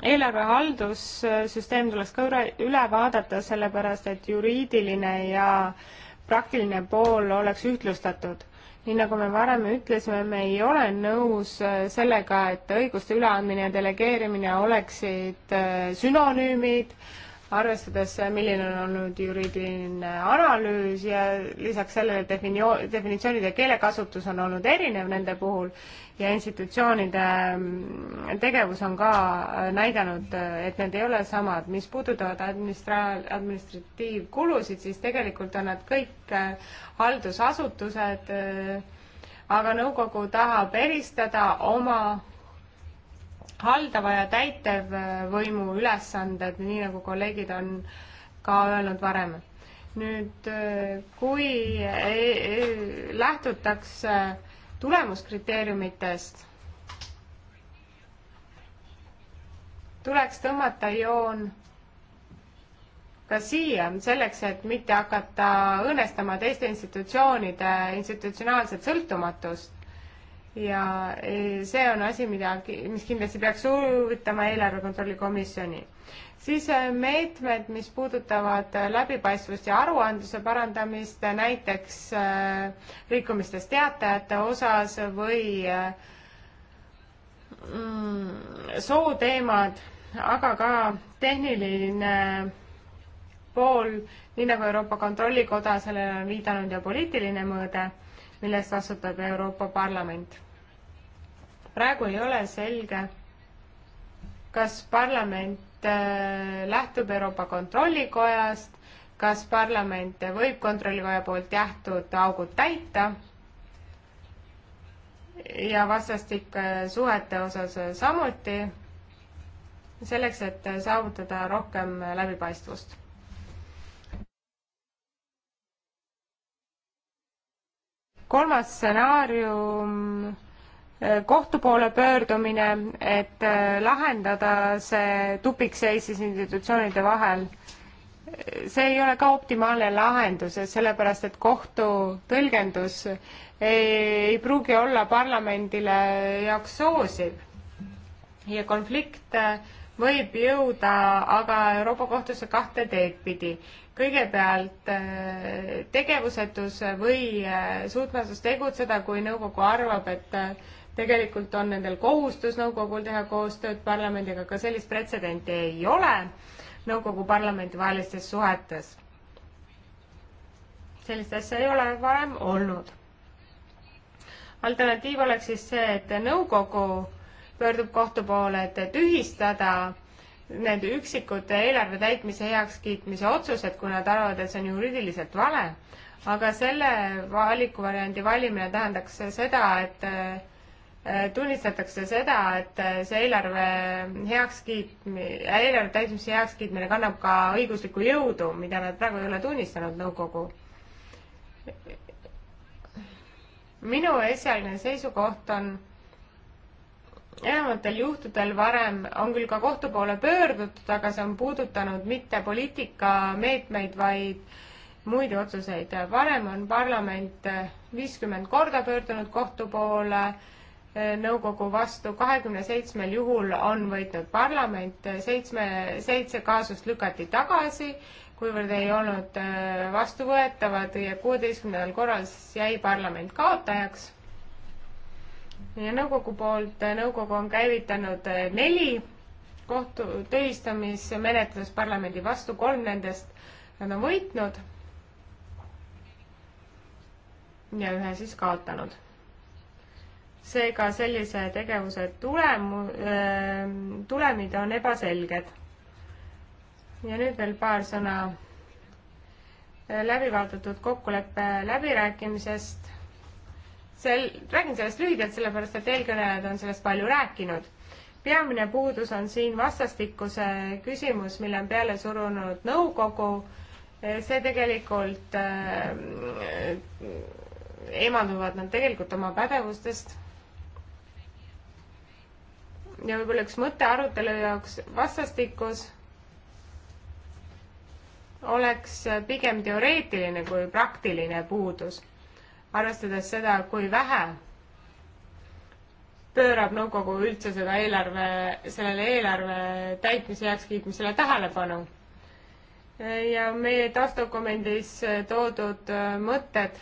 eelarvehaldussüsteem tuleks ka üle, üle vaadata, sellepärast et juriidiline ja praktiline pool oleks ühtlustatud. nii nagu me varem ütlesime, me ei ole nõus äh, sellega, et õiguste üleandmine ja delegeerimine oleksid äh, sünonüümid äh,, arvestades, milline on olnud juriidiline analüüs ja lisaks sellele definio-, definitsioonid ja keelekasutus on olnud erinev nende puhul ja institutsioonide mm, tegevus on ka näidanud, et need ei ole samad. mis puudutavad administra-, administratiivkulusid, siis tegelikult on nad kõik äh, haldusasutused, äh, aga nõukogu tahab eristada oma haldava ja täitevvõimu ülesanded, nii nagu kolleegid on ka öelnud varem. nüüd, kui e-, e-, lähtutakse tulemuskriteeriumitest, tuleks tõmmata joon ka siia, selleks, et mitte hakata õõnestama teiste institutsioonide institutsionaalset sõltumatust ja eh, see on asi, mida, mis kindlasti peaks huvitama eelarve kontrolli komisjoni. siis eh, meetmed, mis puudutavad eh, läbipaistvust ja aruandluse parandamist näiteks äh, rikkumistest teatajate osas või mm, sooteemad, aga ka tehniline pool, nii nagu Euroopa Kontrollikoda sellele on viidanud ja poliitiline mõõde mille eest vastutab Euroopa Parlament. praegu ei ole selge, kas parlament äh, lähtub Euroopa Kontrollikojast, kas parlament võib Kontrollikoja poolt jähtud augud täita ja vastastike äh, suhete osas äh, samuti, selleks, et saavutada rohkem läbipaistvust. kolmas stsenaarium, eh, kohtu poole pöördumine, et eh, lahendada see tupikseis siis institutsioonide vahel, see ei ole ka optimaalne lahendus, sellepärast et kohtu tõlgendus ei, ei pruugi olla parlamendile jaoks soosiv ja konflikt eh, võib jõuda aga Euroopa Kohtusse kahte teed pidi kõigepealt äh, tegevusetus või äh, suutmatus tegutseda, kui nõukogu arvab, et äh, tegelikult on nendel kohustus nõukogul teha koostööd parlamendiga, ka sellist pretsedenti ei ole nõukogu parlamendi vahelistes suhetes. sellist asja ei ole varem olnud. alternatiiv oleks siis see, et nõukogu pöördub kohtu poole, et tühistada need üksikud eelarve täitmise heakskiitmise otsused, kui nad arvavad, et see on juriidiliselt vale, aga selle valikuvariandi valimine tähendaks seda, et äh, tunnistatakse seda, et see eelarve heakskiitmi-, eelarve täitmise heakskiitmine kannab ka õiguslikku jõudu, mida nad praegu ei ole tunnistanud, nõukogu. minu esialgne seisukoht on enamatel juhtudel varem on küll ka kohtu poole pöördutud, aga see on puudutanud mitte poliitikameetmeid, vaid muid otsuseid. varem on parlament viiskümmend korda pöördunud kohtu poole eh, nõukogu vastu, kahekümne seitsmel juhul on võitnud parlament, seitsme, seitse kaasust lükati tagasi, kuivõrd ei olnud eh, vastuvõetavad ja kuueteistkümnendal korral siis jäi parlament kaotajaks nõukogu poolt, äh, nõukogu on käivitanud äh, neli kohtu tühistamismenetlust parlamendi vastu, kolm nendest nad on võitnud ja ühe siis kaotanud. seega sellise tegevuse tulemu-, äh, tulemid on ebaselged. ja nüüd veel paar sõna läbivaadatud kokkuleppe läbirääkimisest sel-, räägin sellest lühidalt, sellepärast et eelkõnelejad on sellest palju rääkinud. peamine puudus on siin vastastikuse küsimus, mille on peale surunud nõukogu, see tegelikult äh, eemalduvad nad tegelikult oma pädevustest. ja võib-olla üks mõte arutelu jaoks vastastikus oleks pigem teoreetiline kui praktiline puudus arvestades seda, kui vähe pöörab nõukogu üldse seda eelarve, sellele eelarve täitmise heakskiitmisele tähelepanu. ja meie taustdokumendis toodud mõtted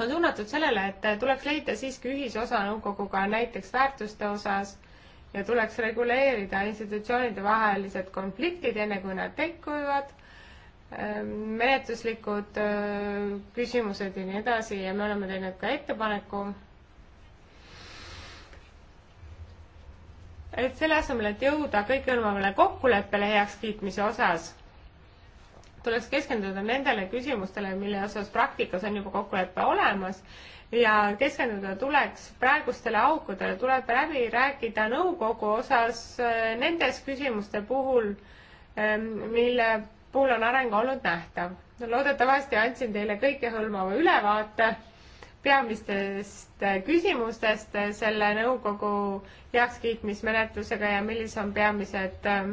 on suunatud sellele, et tuleks leida siiski ühisosa nõukoguga näiteks väärtuste osas ja tuleks reguleerida institutsioonide vahelised konfliktid, enne kui nad tekkivad Äh, menetluslikud äh, küsimused ja nii edasi ja me oleme teinud ka ettepaneku, et selle asemel, et jõuda kõikehõlmavale kokkuleppele heakskiitmise osas, tuleks keskenduda nendele küsimustele, mille osas praktikas on juba kokkulepe olemas ja keskenduda tuleks praegustele aukudele, tuleb läbi rääkida nõukogu osas äh, nendes küsimuste puhul, ähm, mille puhul on areng olnud nähtav. loodetavasti andsin teile kõikehõlmava ülevaate peamistest küsimustest selle nõukogu heakskiitmismenetlusega ja millised on peamised ähm,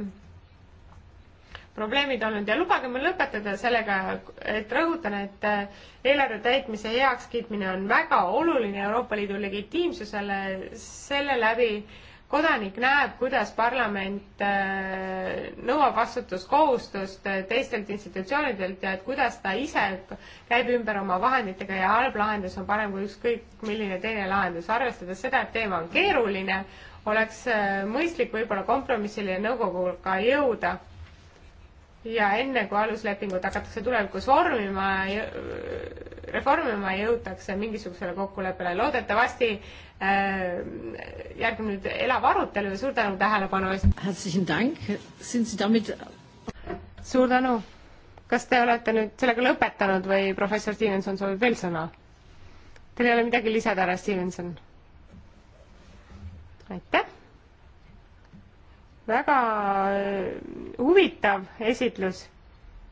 probleemid olnud ja lubage mul lõpetada sellega, et rõhutan, et äh, eelarve täitmise heakskiitmine on väga oluline Euroopa Liidu legitiimsusele, selle läbi äh, kodanik näeb, kuidas parlament äh, nõuab vastutuskohustust äh, teistelt institutsioonidelt ja et kuidas ta ise käib ümber oma vahenditega ja halb lahendus on parem kui ükskõik milline teine lahendus. arvestades seda, et teema on keeruline, oleks äh, mõistlik võib-olla kompromissile nõukoguga jõuda. ja enne, kui aluslepingut hakatakse tulevikus vormima, reformima jõutakse mingisugusele kokkuleppele. loodetavasti äh, järgneb nüüd elav arutelu ja suur tänu tähelepanu eest. suur tänu. kas te olete nüüd sellega lõpetanud või professor Stevenson soovib veel sõna? Teil ei ole midagi lisada, härra Stevenson? aitäh. väga äh, huvitav esitlus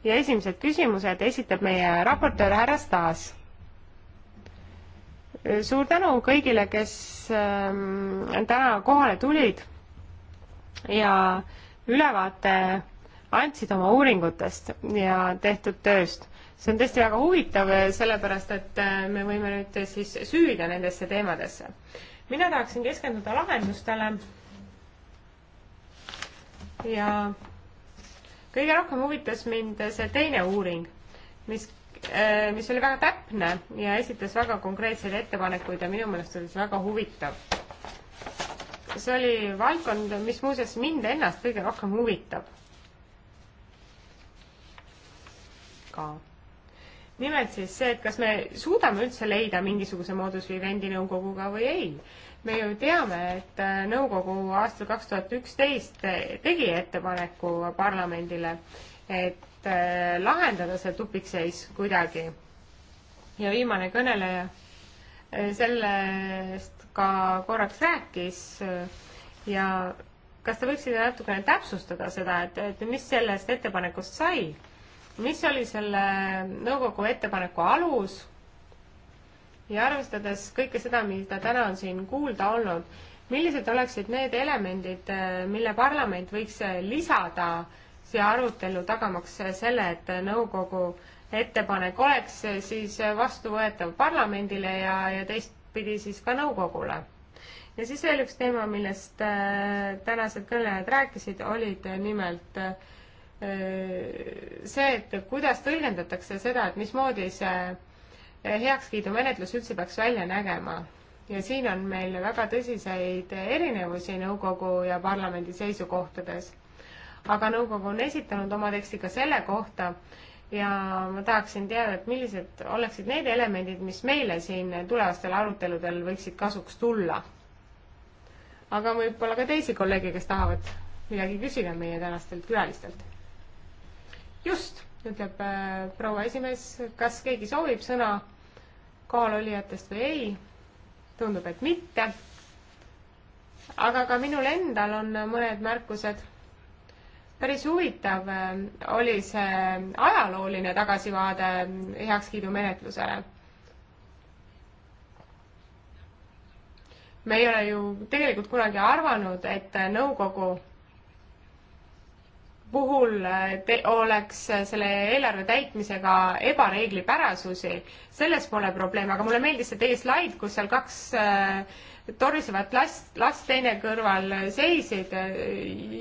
ja esimesed küsimused esitab meie raportöör härra Staas. suur tänu kõigile, kes ähm, täna kohale tulid ja ülevaate andsid oma uuringutest ja tehtud tööst. see on tõesti väga huvitav, äh, sellepärast et äh, me võime nüüd siis süüvida nendesse teemadesse. mina tahaksin keskenduda lahendustele ja kõige rohkem huvitas mind see teine uuring, mis, äh, mis oli väga täpne ja esitas väga konkreetseid ettepanekuid ja minu meelest oli see väga huvitav. see oli valdkond, mis muuseas mind ennast kõige rohkem huvitab. ka nimelt siis see, et kas me suudame üldse leida mingisuguse moodus vivendi nõukoguga või ei. me ju teame, et äh, nõukogu aastal kaks tuhat üksteist äh, tegi ettepaneku parlamendile, et äh, lahendada see tupikseis kuidagi. ja viimane kõneleja sellest ka korraks rääkis ja kas te võiksite natukene täpsustada seda, et, et mis sellest ettepanekust sai? mis oli selle nõukogu ettepaneku alus ja arvestades kõike seda, mida täna on siin kuulda olnud, millised oleksid need elemendid, mille parlament võiks lisada siia arutellu, tagamaks selle, et nõukogu ettepanek oleks siis vastuvõetav parlamendile ja, ja teistpidi siis ka nõukogule. ja siis veel üks teema, millest tänased kõnelejad rääkisid, olid nimelt äh, Äh, see, et kuidas tõlgendatakse seda, et mismoodi see äh, heakskiidumenetlus üldse peaks välja nägema. ja siin on meil väga tõsiseid erinevusi nõukogu ja parlamendi seisukohtades. aga nõukogu on esitanud oma teksti ka selle kohta ja ma tahaksin teada, et millised oleksid need elemendid, mis meile siin tulevastel aruteludel võiksid kasuks tulla. aga võib-olla ka teisi kolleege, kes tahavad midagi küsida meie tänastelt külalistelt just, ütleb äh, proua esimees, kas keegi soovib sõna kohalolijatest või ei? tundub, et mitte. aga ka minul endal on mõned märkused. päris huvitav äh, oli see ajalooline tagasivaade heakskiidumenetlusele me ei ole ju tegelikult kunagi arvanud, et nõukogu puhul eh, te, oleks eh, selle eelarve täitmisega ebareeglipärasusi, eh, selles pole probleem, aga mulle meeldis see teie slaid, kus seal kaks äh, torisevat last, last teine kõrval seisid.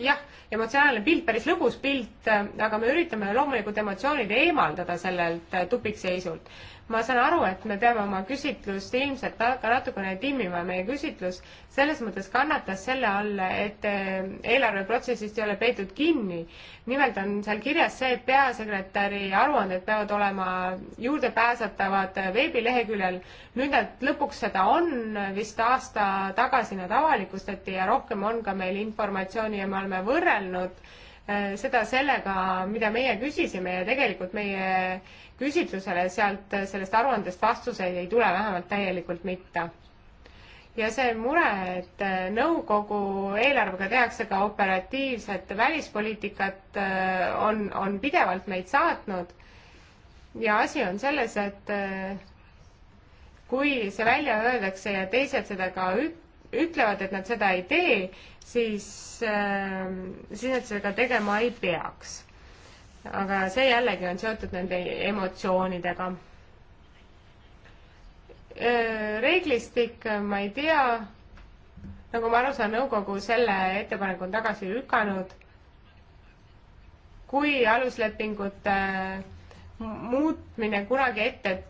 jah, emotsionaalne pilt, päris lõbus pilt, aga me üritame loomulikult emotsioonid eemaldada sellelt tupikseisult ma saan aru, et me peame oma küsitlust ilmselt ka natukene timmima, meie küsitlus selles mõttes kannatas selle all, et eh, eelarveprotsessist ei ole peetud kinni. nimelt on seal kirjas see, et peasekretäri aruanded peavad olema juurdepääsetavad veebileheküljel. nüüd nad lõpuks seda on, vist aasta tagasi nad avalikustati ja rohkem on ka meil informatsiooni ja me oleme võrrelnud eh, seda sellega, mida meie küsisime ja tegelikult meie küsitlusele, sealt äh, sellest aruandest vastuseid ei tule, vähemalt täielikult mitte. ja see mure, et äh, nõukogu eelarvega tehakse ka operatiivset välispoliitikat, äh, on, on pidevalt meid saatnud ja asi on selles, et kui see välja öeldakse ja teised seda ka ütlevad, et nad seda ei tee, siis, siis nad seda tegema ei peaks aga see jällegi on seotud nende emotsioonidega. reeglistik, ma ei tea, nagu ma aru saan, nõukogu selle ettepaneku on tagasi lükanud. kui aluslepingute äh, muutmine kunagi ette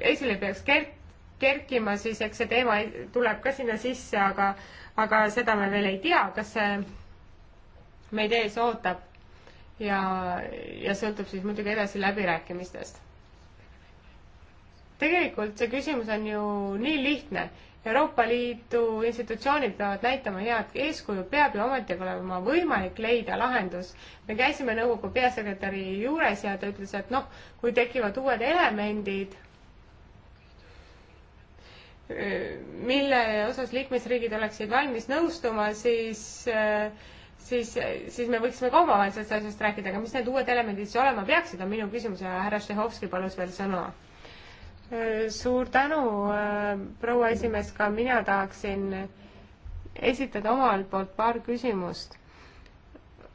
esile peaks kert-, kerkima, siis eks see teema tuleb ka sinna sisse, aga, aga seda me veel ei tea, kas see meid ees ootab ja, ja sõltub siis muidugi edasi läbirääkimistest. tegelikult see küsimus on ju nii lihtne. Euroopa Liidu institutsioonid peavad näitama head eeskuju, peab ju ometigi olema võimalik leida lahendus. me käisime nõukogu peasekretäri juures ja ta ütles, et noh, kui tekivad uued elemendid, mille osas liikmesriigid oleksid valmis nõustuma, siis äh, siis, siis me võiksime ka omavahel sellest asjast rääkida, aga mis need uued elemendid siis olema peaksid, on minu küsimus ja härra Štehovski palus veel sõna. suur tänu, äh, proua esimees, ka mina tahaksin esitada omalt poolt paar küsimust.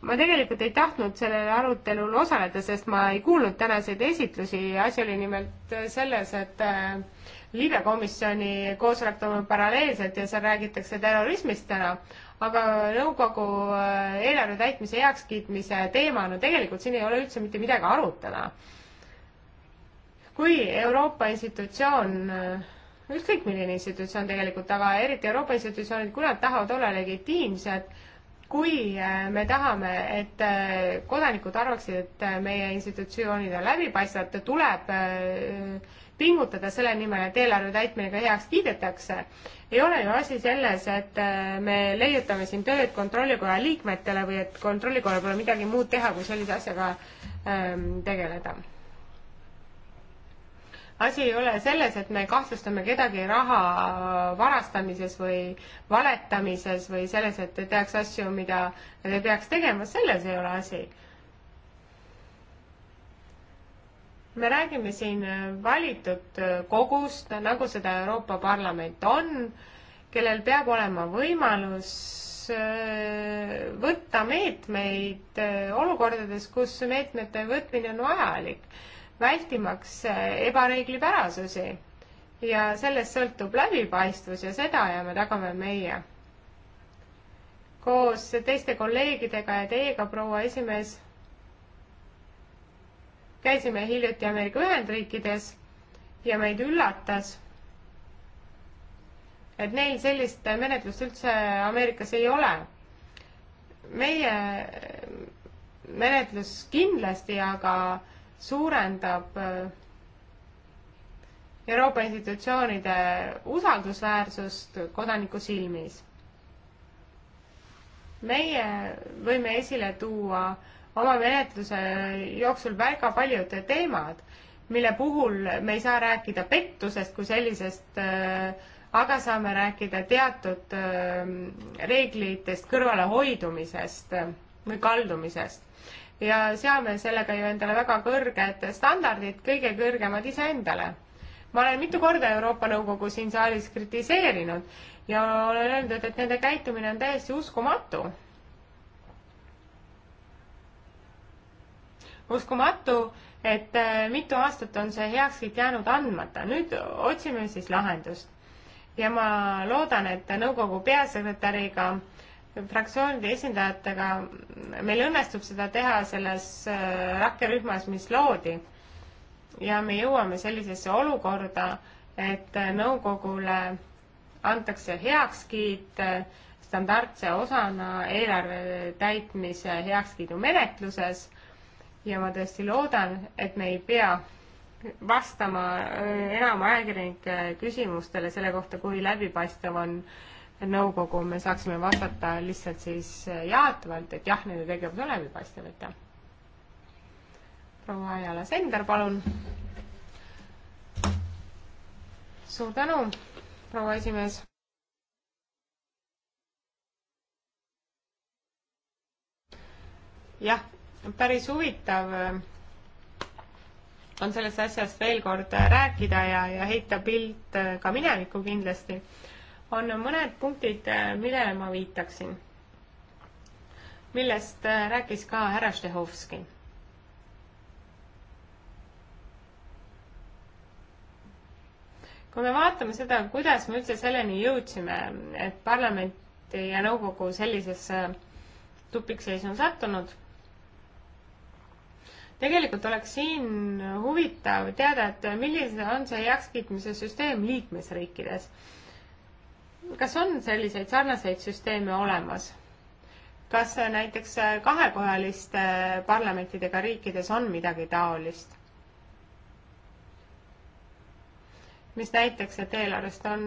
ma tegelikult ei tahtnud sellel arutelul osaleda, sest ma ei kuulnud tänaseid esitlusi, asi oli nimelt selles, et äh, libekomisjoni koosolek toimub paralleelselt ja seal räägitakse terrorismist täna aga nõukogu äh, eelarve täitmise heakskiitmise teema, no tegelikult siin ei ole üldse mitte midagi arutada. kui Euroopa institutsioon, äh, ükskõik milline institutsioon tegelikult, aga eriti Euroopa institutsioonid, kui nad tahavad olla legitiimsed, kui äh, me tahame, et kodanikud arvaksid, et meie institutsioonid on läbipaistvad, tuleb pingutada selle nimel, et eelarve täitmine ka heaks kiidetakse. ei ole ju asi selles, et äh, me leiutame siin tööd kontrollikoja liikmetele või et kontrollikojal pole midagi muud teha, kui sellise asjaga ähm, tegeleda. asi ei ole selles, et me kahtlustame kedagi raha varastamises või valetamises või selles, et tehakse asju, mida ei peaks tegema, selles ei ole asi me räägime siin äh, valitud äh, kogust, nagu seda Euroopa Parlament on, kellel peab olema võimalus äh, võtta meetmeid olukordades, kus meetmete võtmine on vajalik, vältimaks ebareeglipärasusi. ja sellest sõltub läbipaistvus ja seda jääme tagame meie. koos teiste kolleegidega ja teiega, proua esimees käisime hiljuti Ameerika Ühendriikides ja meid üllatas, et neil sellist menetlust üldse Ameerikas ei ole. meie menetlus kindlasti aga suurendab äh, Euroopa institutsioonide usaldusväärsust kodaniku silmis. meie võime esile tuua äh, oma menetluse jooksul väga paljud teemad, mille puhul me ei saa rääkida pettusest kui sellisest, äh, aga saame rääkida teatud äh, reeglitest kõrvalehoidumisest äh, või kaldumisest. ja seame sellega ju endale väga kõrged standardid, kõige kõrgemad iseendale ma olen mitu korda Euroopa Nõukogu siin saalis kritiseerinud ja olen öelnud, et nende käitumine on täiesti uskumatu uskumatu, et äh, mitu aastat on see heakskiit jäänud andmata, nüüd otsime siis lahendust. ja ma loodan, et nõukogu peasekretäriga, fraktsioonide esindajatega meil õnnestub seda teha selles äh, rakkerühmas, mis loodi. ja me jõuame sellisesse olukorda, et nõukogule antakse heakskiit äh, standardse osana eelarve täitmise heakskiidu menetluses ja ma tõesti loodan, et me ei pea vastama äh, enam ajakirjanike küsimustele selle kohta, kui läbipaistev on nõukogu, me saaksime vastata lihtsalt siis äh, jaatavalt, et jah, nende tegevus on läbipaistev, aitäh. proua Ajala Sender, palun. suur tänu, proua esimees. jah päris huvitav on sellest asjast veel kord rääkida ja, ja heita pilt ka minevikku kindlasti, on mõned punktid, millele ma viitaksin, millest rääkis ka härra Štehovski. kui me vaatame seda, kuidas me üldse selleni jõudsime, et parlament ja nõukogu sellisesse tupikseisu on sattunud tegelikult oleks siin huvitav teada, et milline on see heakskiitmise süsteem liikmesriikides. kas on selliseid sarnaseid süsteeme olemas? kas äh, näiteks äh, kahekojaliste äh, parlamentidega riikides on midagi taolist? mis näitaks, et eelarvest on,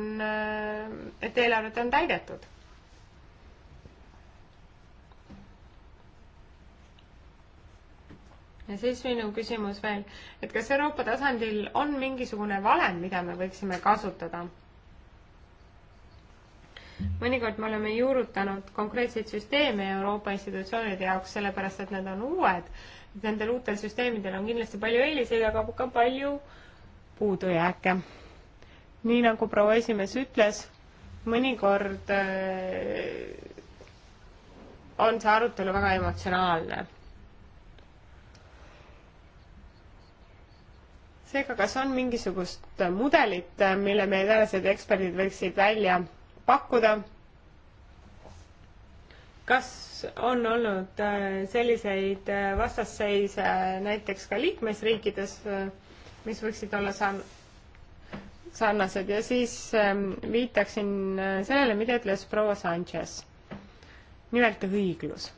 et eelarvet on täidetud ja siis minu küsimus veel, et kas Euroopa tasandil on mingisugune valem, mida me võiksime kasutada? mõnikord me oleme juurutanud konkreetseid süsteeme Euroopa institutsioonide jaoks, sellepärast et need on uued. Nendel uutel süsteemidel on kindlasti palju eeliseid, aga ka palju puudujääke. nii nagu proua esimees ütles, mõnikord äh, on see arutelu väga emotsionaalne seega, kas on mingisugust mudelit, mille meie tänased eksperdid võiksid välja pakkuda? kas on olnud äh, selliseid äh, vastasseise näiteks ka liikmesriikides, äh, mis võiksid olla sarn-, sarnased ja siis ähm, viitaksin sellele, mida ütles proua Sanchez. nimelt õiglus.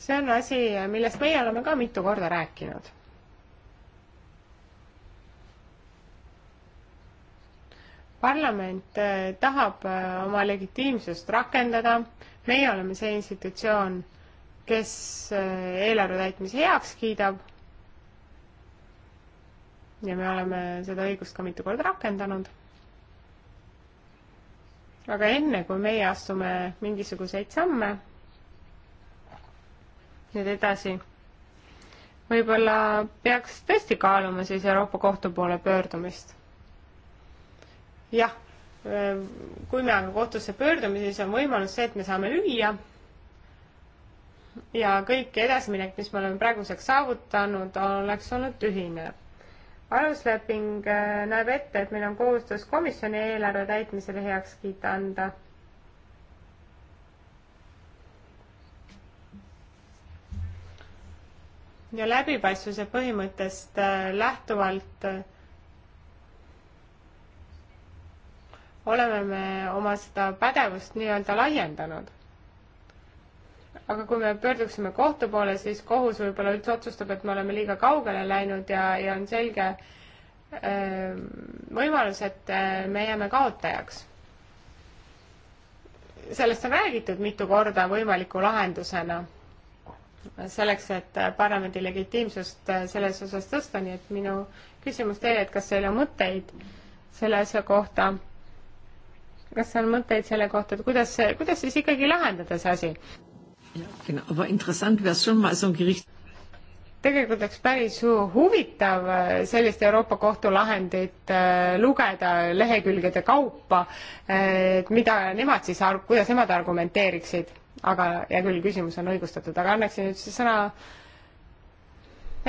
see on asi, millest meie oleme ka mitu korda rääkinud parlament äh, tahab äh, oma legitiimsust rakendada, meie oleme see institutsioon, kes äh, eelarve täitmise heaks kiidab. ja me oleme seda õigust ka mitu korda rakendanud. aga enne, kui meie astume mingisuguseid samme nüüd edasi, võib-olla peaks tõesti kaaluma siis Euroopa Kohtu poole pöördumist jah, ehm, kui me aga kohtusse pöördume, siis on võimalus see, et me saame lüüa ja kõik edasiminek, mis me oleme praeguseks saavutanud, oleks olnud tühine. alusleping äh, näeb ette, et meil on kohustus komisjoni eelarve täitmisele heakskiit anda. ja läbipaistvuse põhimõttest äh, lähtuvalt äh, oleme me oma seda pädevust nii-öelda laiendanud. aga kui me pöörduksime kohtu poole, siis kohus võib-olla üldse otsustab, et me oleme liiga kaugele läinud ja, ja on selge öö, ähm, võimalus, et äh, me jääme kaotajaks. sellest on räägitud mitu korda võimaliku lahendusena selleks, et äh, parlamendi legitiimsust äh, selles osas tõsta, nii et minu küsimus teile, et kas teil on mõtteid selle asja kohta kas on mõtteid selle kohta, et kuidas see, kuidas siis ikkagi lahendada see asi? tegelikult oleks päris huvitav äh, sellist Euroopa Kohtu lahendit äh, lugeda lehekülgede kaupa, äh, et mida nemad siis, kuidas nemad argumenteeriksid, aga hea küll, küsimus on õigustatud, aga annaksin nüüd siis sõna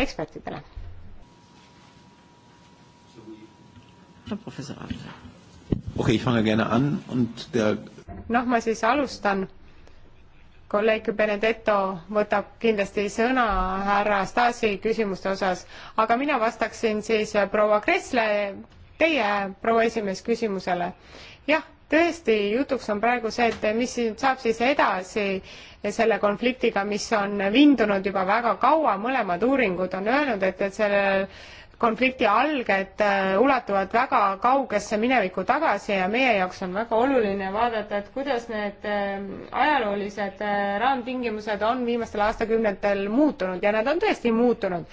ekspertidele. professor Aavsaar okay, ich fange gerne an und der noh, ma siis alustan. kolleeg Benedetto võtab kindlasti sõna härra Stasi küsimuste osas, aga mina vastaksin siis proua Kressle, teie, proua esimees, küsimusele. jah, tõesti, jutuks on praegu see, et mis saab siis edasi selle konfliktiga, mis on vindunud juba väga kaua, mõlemad uuringud on öelnud, et, et sellel konflikti alged äh, ulatuvad väga kaugesse minevikku tagasi ja meie jaoks on väga oluline vaadata, et kuidas need äh, ajaloolised äh, raamtingimused on viimastel aastakümnetel muutunud ja nad on tõesti muutunud.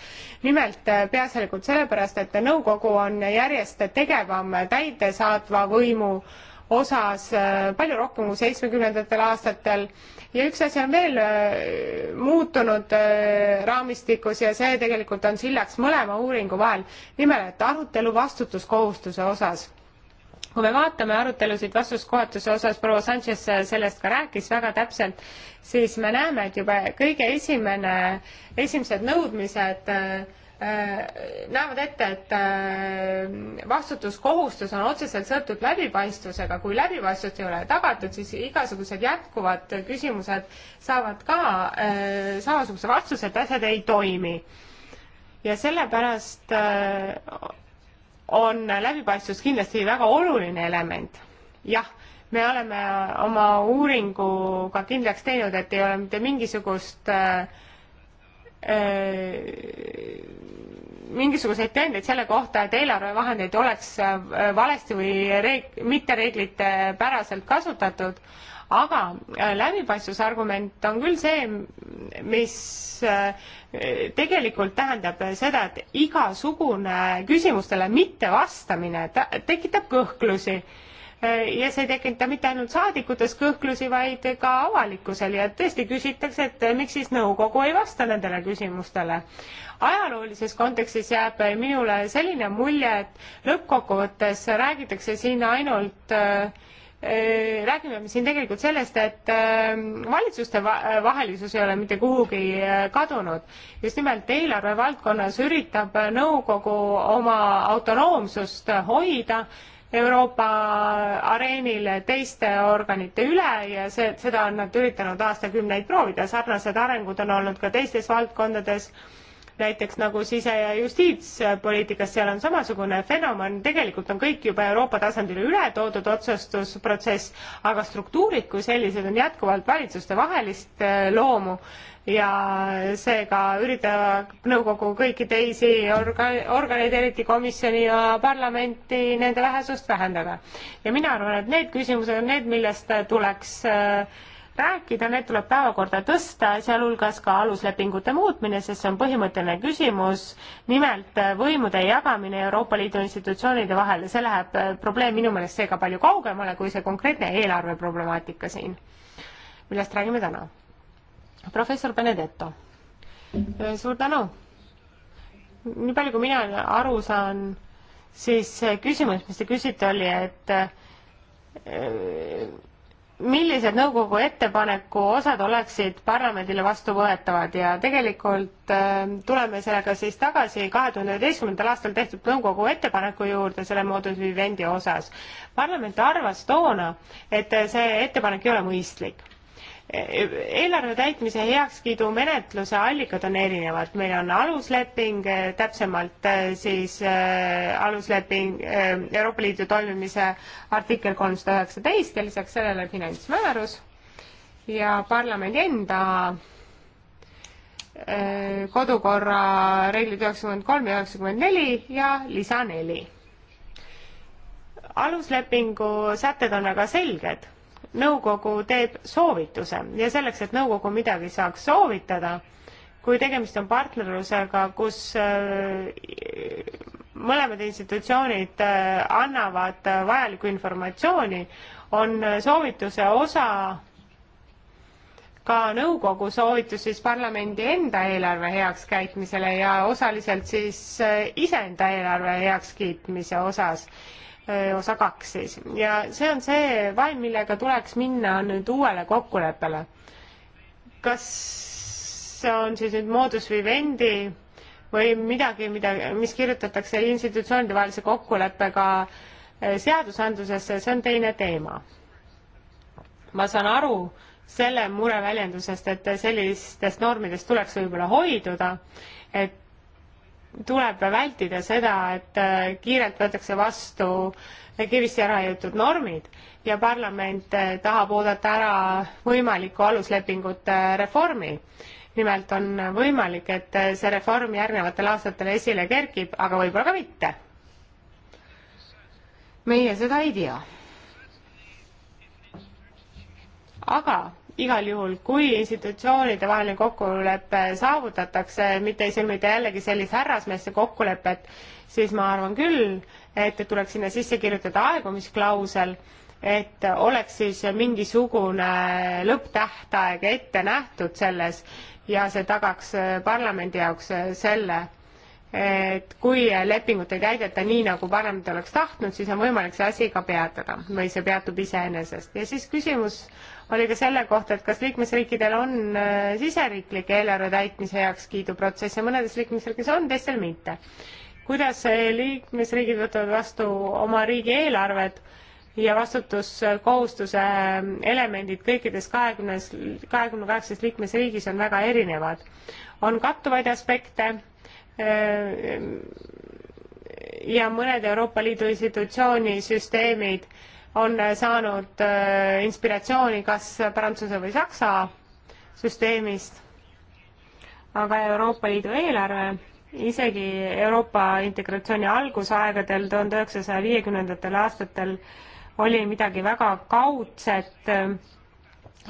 nimelt peaasjalikult sellepärast, et nõukogu on järjest tegevam täidesaatva võimu osas palju rohkem kui seitsmekümnendatel aastatel ja üks asi on veel äh, muutunud äh, raamistikus ja see tegelikult on sillaks mõlema uuringu vahel, nimelt arutelu vastutuskohustuse osas. kui me vaatame arutelusid vastutuskohustuse osas, proua Sanchez sellest ka rääkis väga täpselt, siis me näeme, et juba kõige esimene, esimesed nõudmised äh, näevad ette, et äh, vastutuskohustus on otseselt seotud läbipaistvusega, kui läbipaistvust ei ole tagatud, siis igasugused jätkuvad küsimused saavad ka äh, samasuguse vastuse, et asjad ei toimi. ja sellepärast äh, on läbipaistvus kindlasti väga oluline element. jah, me oleme oma uuringuga kindlaks teinud, et ei ole mitte mingisugust äh, Äh, mingisuguseid tõendeid selle kohta, et eelarvevahendeid oleks äh, valesti või reeg-, mittereeglite päraselt kasutatud, aga äh, läbipaistvuse argument on küll see, mis tegelikult tähendab seda, et igasugune küsimustele mittevastamine tekitab kõhklusi ja see ei tekita mitte ainult saadikutes kõhklusi, vaid ka avalikkusel ja tõesti küsitakse, et miks siis nõukogu ei vasta nendele küsimustele. ajaloolises kontekstis jääb minule selline mulje, et lõppkokkuvõttes räägitakse siin ainult äh, räägime me siin tegelikult sellest, et äh, valitsuste vahelisus ei ole mitte kuhugi äh, kadunud. just nimelt eelarve valdkonnas üritab nõukogu oma autonoomsust hoida Euroopa areenil teiste organite üle ja see, seda on nad üritanud aastakümneid proovida, sarnased arengud on olnud ka teistes valdkondades näiteks nagu sise- ja justiitspoliitikas, seal on samasugune fenomen, tegelikult on kõik juba Euroopa tasandile üle toodud otsustusprotsess, aga struktuurid kui sellised on jätkuvalt valitsustevahelist äh, loomu ja seega üritab nõukogu kõiki teisi orga-, organeid, eriti komisjoni ja parlamenti, nende vähesust vähendada. ja mina arvan, et need küsimused on need, millest tuleks äh, rääkida, need tuleb päevakorda tõsta, sealhulgas ka aluslepingute muutmine, sest see on põhimõtteline küsimus, nimelt äh, võimude jagamine Euroopa Liidu institutsioonide vahel ja see läheb äh, probleem minu meelest seega palju kaugemale kui see konkreetne eelarveproblemaatika siin, millest räägime täna. professor Benedetto, äh, suur tänu! nii palju, kui mina aru saan, siis küsimus, mis te küsite, oli, et millised nõukogu ettepaneku osad oleksid parlamendile vastuvõetavad ja tegelikult äh, tuleme sellega siis tagasi kahe tuhande üheteistkümnendal aastal tehtud nõukogu ettepaneku juurde selle moodus vivendi osas. parlament arvas toona, et see ettepanek ei ole mõistlik eelarve täitmise heakskiidu menetluse allikad on erinevad, meil on alusleping, eh, täpsemalt eh, siis eh, alusleping Euroopa Liidu toimimise artikkel kolmsada üheksateist ja lisaks sellele finantsmäärus ja parlamendi enda kodukorra reeglid üheksakümmend kolm ja üheksakümmend neli ja lisa neli. aluslepingu sätted on väga selged nõukogu teeb soovituse ja selleks, et nõukogu midagi saaks soovitada, kui tegemist on partnerlusega, kus äh, mõlemad institutsioonid äh, annavad äh, vajalikku informatsiooni, on soovituse osa ka nõukogu soovitus siis parlamendi enda eelarve heakskäitmisele ja osaliselt siis iseenda eelarve heakskiitmise osas Äh, osa kaks siis. ja see on see vaim, millega tuleks minna nüüd uuele kokkuleppele. kas see on siis nüüd moodus vivendi või midagi, mida, mis kirjutatakse institutsioonide vahelise kokkuleppega äh, seadusandlusesse, see on teine teema. ma saan aru selle mure väljendusest, et sellistest normidest tuleks võib-olla hoiduda, et tuleb vältida seda, et äh, kiirelt võetakse vastu kivisse ära jõutud normid ja parlament äh, tahab oodata ära võimaliku aluslepingute äh, reformi. nimelt on võimalik, et see reform järgnevatel aastatel esile kerkib, aga võib-olla ka mitte. meie seda ei tea. aga igal juhul, kui institutsioonide vaheline kokkulepe saavutatakse, mitte ei sõlmita jällegi sellist härrasmeeste kokkulepet, siis ma arvan küll, et tuleks sinna sisse kirjutada aegumisklausel, et oleks siis mingisugune lõpptähtaeg ette nähtud selles ja see tagaks parlamendi jaoks selle, et kui lepingut ei täideta nii, nagu parlament oleks tahtnud, siis on võimalik see asi ka peatada või see peatub iseenesest. ja siis küsimus oli ka selle kohta, et kas liikmesriikidel on äh, siseriiklike eelarve täitmise heakskiidu protsess ja mõnedes liikmesriikides on, teistel mitte. kuidas äh, liikmesriigid võtavad vastu oma riigieelarved ja vastutuskohustuse ähm, elemendid kõikides kahekümnes, kahekümne kaheksas liikmesriigis on väga erinevad. on kattuvaid aspekte Äh, ja mõned Euroopa Liidu institutsiooni süsteemid on saanud äh, inspiratsiooni kas Prantsuse või Saksa süsteemist, aga Euroopa Liidu eelarve, isegi Euroopa integratsiooni algusaegadel, tuhande üheksasaja viiekümnendatel aastatel, oli midagi väga kaudset äh,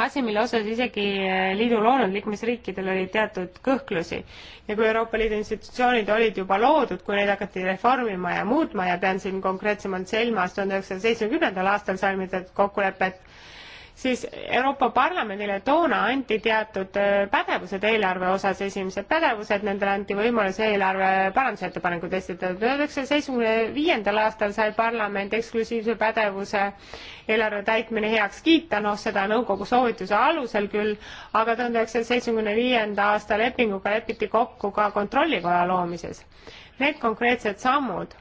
asi, mille osas isegi äh, liidu loonud liikmesriikidel oli teatud kõhklusi. ja kui Euroopa Liidu institutsioonid olid juba loodud, kui neid hakati reformima ja muutma ja pean siin konkreetsemalt silmas tuhande üheksasaja seitsmekümnendal aastal sõlmitud kokkulepet, siis Euroopa Parlamendile toona anti teatud äh, pädevused eelarve osas, esimesed pädevused, nendele anti võimalus eelarve parandusettepanekuid esitada. tuhande üheksasaja seitsmekümne viiendal aastal sai parlament eksklusiivse pädevuse eelarve täitmine heaks kiita, noh, seda nõukogu soovituse alusel küll, aga tuhande üheksasaja seitsmekümne viienda aasta lepinguga lepiti kokku ka kontrollikoja loomises. Need konkreetsed sammud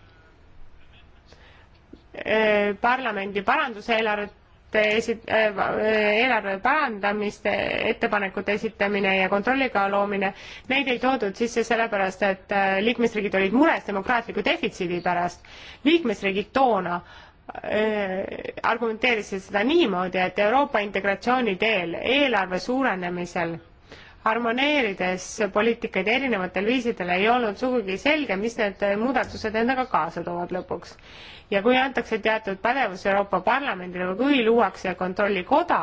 äh, parlamendi paranduseelarvet eelarvete esi- äh, äh,, eelarve parandamiste ettepanekute esitamine ja kontrollikoja loomine, neid ei toodud sisse sellepärast, et äh, liikmesriigid olid mures demokraatliku defitsiidi pärast. liikmesriigid toona äh, argumenteerisid seda niimoodi, et Euroopa integratsiooni teel eelarve suurenemisel harmoneerides poliitikaid erinevatel viisidel ei olnud sugugi selge, mis need muudatused endaga kaasa toovad lõpuks ja kui antakse teatud pädevus Euroopa Parlamendile või kui luuakse kontrollikoda,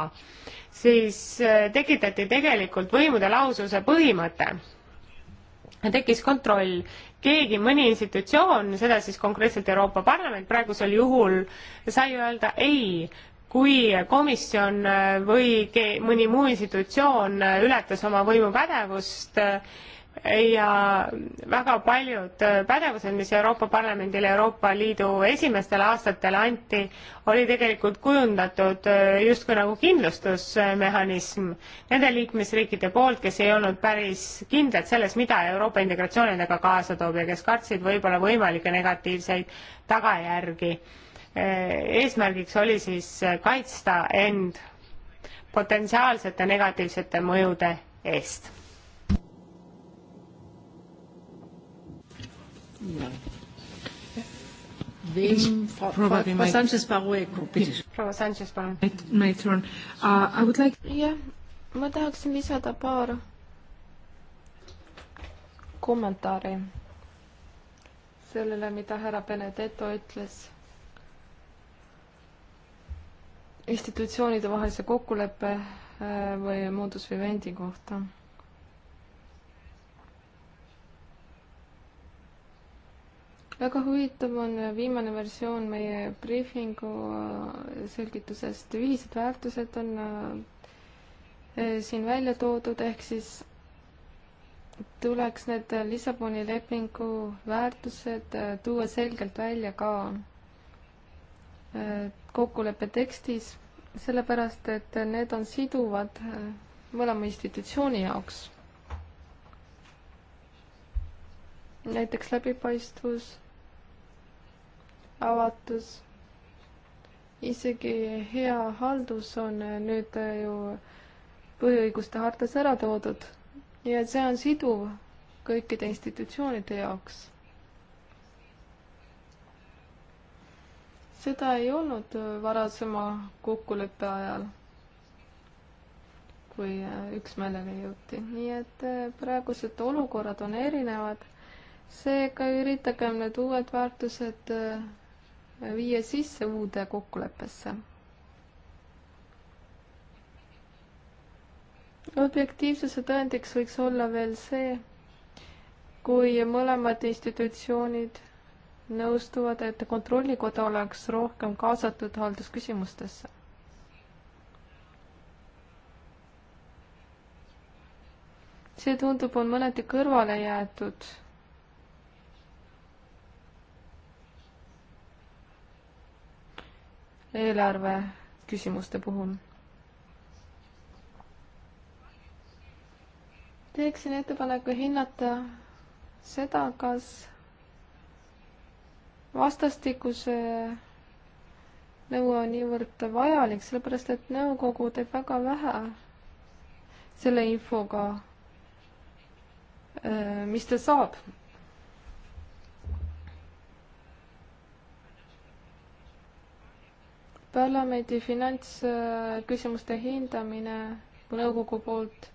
siis äh, tekitati tegelikult võimude laususe põhimõte. tekkis kontroll, keegi, mõni institutsioon, seda siis konkreetselt Euroopa Parlament praegusel juhul, sai öelda ei, kui komisjon äh, või mõni muu institutsioon äh, ületas oma võimupädevust äh, ja väga paljud äh, pädevused, mis Euroopa Parlamendile Euroopa Liidu esimestel aastatel anti, oli tegelikult kujundatud äh, justkui nagu kindlustusmehhanism nende liikmesriikide poolt, kes ei olnud päris kindlad selles, mida Euroopa integratsioon endaga kaasa toob ja kes kartsid võib-olla võimalikke negatiivseid tagajärgi. Äh, eesmärgiks oli siis kaitsta end potentsiaalsete negatiivsete mõjude eest No. Vim, probably my... Sanchez Parueco, proua Sanchez, palun. My turn uh,. I would like. jah, ma tahaksin lisada paar kommentaari sellele, mida härra Benedetto ütles institutsioonide vahelise kokkuleppe äh, või moodus vivendi kohta väga huvitav on viimane versioon meie briifingu äh, selgitusest, ühised väärtused on äh, äh, siin välja toodud, ehk siis tuleks need Lissaboni lepingu väärtused tuua selgelt välja ka kokkuleppe tekstis, sellepärast et need on siduvad mõlema institutsiooni jaoks. näiteks läbipaistvus avatus. isegi hea haldus on nüüd ju põhiõiguste hartas ära toodud ja et see on siduv kõikide institutsioonide jaoks. seda ei olnud varasema kokkuleppe ajal kui üksmeelele jõuti. nii et praegused olukorrad on erinevad, seega üritagem need uued väärtused viia sisse uude kokkuleppesse. objektiivsuse tõendiks võiks olla veel see, kui mõlemad institutsioonid nõustuvad, et Kontrollikoda oleks rohkem kaasatud haldusküsimustesse. see tundub, on mõneti kõrvale jäetud eelarve küsimuste puhul. teeksin ettepaneku hinnata seda, kas vastastikuse nõue on niivõrd vajalik, sellepärast et nõukogu teeb väga vähe selle infoga, äh, mis ta saab parlamendi finantsküsimuste hindamine nõukogu poolt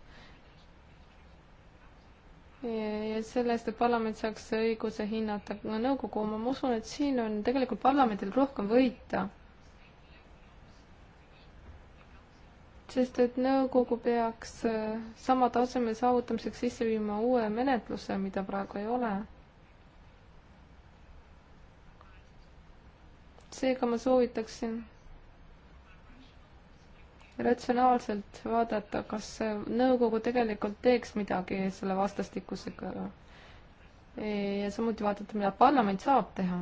ja selle eest, et parlament saaks õiguse hinnata no, nõukogu oma, ma usun, et siin on tegelikult parlamendil rohkem võita. sest et nõukogu peaks äh, sama taseme saavutamiseks sisse viima uue menetluse, mida praegu ei ole. seega ma soovitaksin ratsionaalselt vaadata, kas nõukogu tegelikult teeks midagi selle vastastikusega ja samuti vaadata, mida parlament saab teha.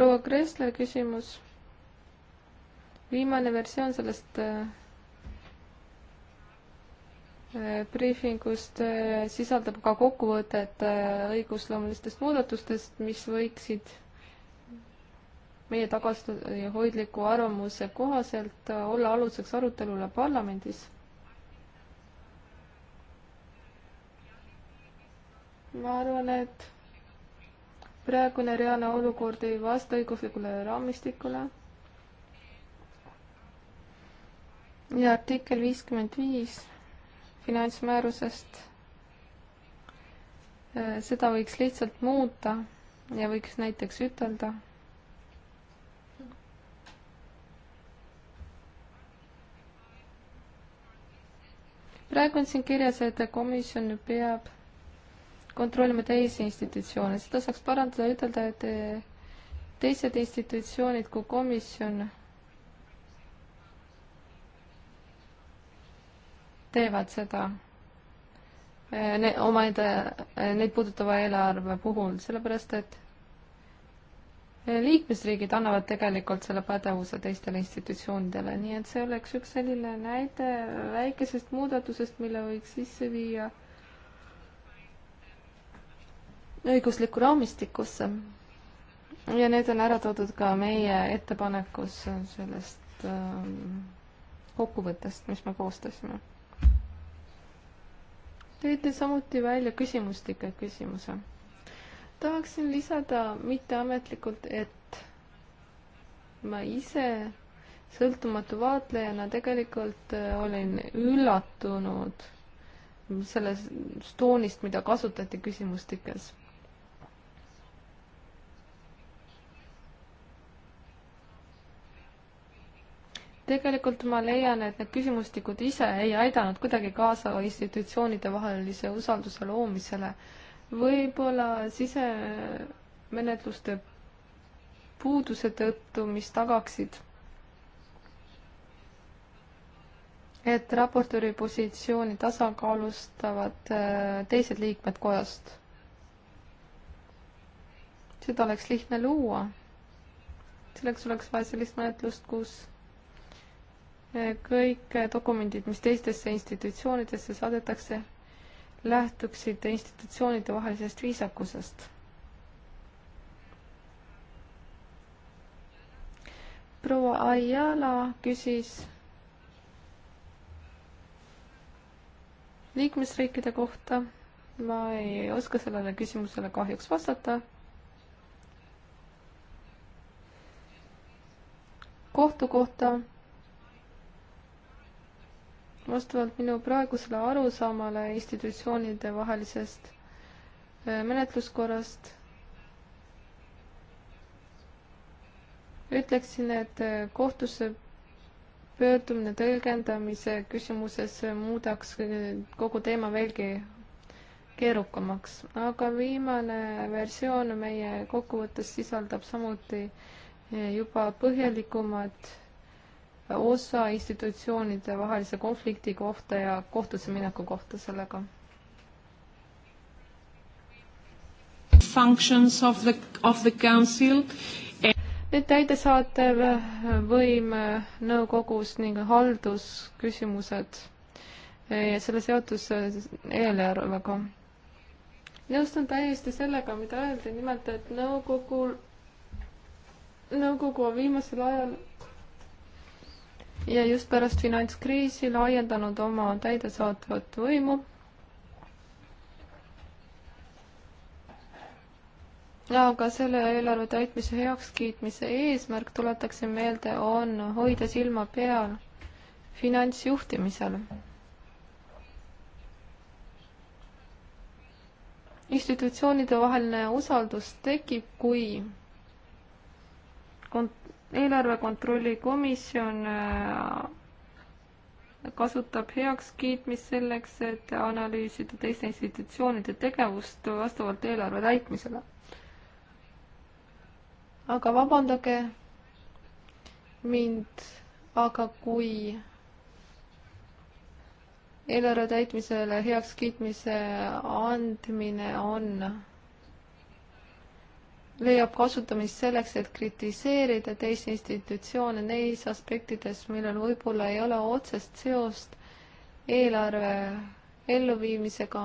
proua Kressler küsimus. viimane versioon sellest äh, briifingust äh, sisaldab ka kokkuvõtet äh, õigusloomulistest muudatustest, mis võiksid meie tagasihoidliku arvamuse kohaselt olla aluseks arutelule parlamendis. ma arvan, et praegune reaalne olukord ei vasta õiguslikule raamistikule. ja artikkel viiskümmend viis finantsmäärusest, äh, seda võiks lihtsalt muuta ja võiks näiteks ütelda praegu on siin kirjas, et komisjon peab kontrollima teisi institutsioone, seda saaks parandada, ütelda, et eh, teised institutsioonid kui komisjon teevad seda eh, ne, omaenda, eh, neid puudutava eelarve puhul, sellepärast et liikmesriigid annavad tegelikult selle pädevuse teistele institutsioonidele, nii et see oleks üks selline näide väikesest muudatusest, mille võiks sisse viia õiguslikku raamistikusse. ja need on ära toodud ka meie ettepanekus sellest ähm, kokkuvõttest, mis me koostasime. Tõite samuti välja küsimustike küsimuse tahaksin lisada mitteametlikult, et ma ise sõltumatu vaatlejana tegelikult äh, olin üllatunud sellest toonist, mida kasutati küsimustikes. tegelikult ma leian, et need küsimustikud ise ei aidanud kuidagi kaasa institutsioonide vahelise usalduse loomisele äh, võib-olla sisemenetluste puuduse tõttu, mis tagaksid, et raportööri positsiooni tasakaalustavad äh, teised liikmed kojast. seda oleks lihtne luua. selleks oleks vaja sellist menetlust, kus äh, kõik äh, dokumendid, mis teistesse institutsioonidesse saadetakse, lähtuksid institutsioonide vahelisest viisakusest. proua Ayala küsis liikmesriikide kohta. ma ei oska sellele küsimusele kahjuks vastata kohtu kohta vastavalt minu praegusele arusaamale institutsioonide vahelisest äh, menetluskorrast ütleksin, et äh, kohtusse pöördumine tõlgendamise küsimuses muudaks äh, kogu teema veelgi keerukamaks, aga viimane versioon meie kokkuvõttes sisaldab samuti juba põhjalikumat osa institutsioonide vahelise konflikti kohta ja kohtusse mineku kohta sellega. Functions of the, of the council. nüüd täidesaatev võim nõukogus ning haldusküsimused ja selle seotus eelarvega. nõustun täiesti sellega, mida öeldi, nimelt et nõukogul, nõukogu on viimasel ajal ja just pärast finantskriisi laiendanud oma täidesaatvat võimu. aga selle eelarve täitmise heakskiitmise eesmärk, tuletaksin meelde, on hoida silma peal finantsjuhtimisel. institutsioonide vaheline usaldus tekib, kui eelarve kontrolli komisjon äh, kasutab heakskiitmist selleks, et analüüsida teiste institutsioonide tegevust vastavalt eelarve täitmisele. aga vabandage mind, aga kui eelarve täitmisele heakskiitmise andmine on leiab kasutamist selleks, et kritiseerida teisi institutsioone neis aspektides, millel võib-olla ei ole otsest seost eelarve elluviimisega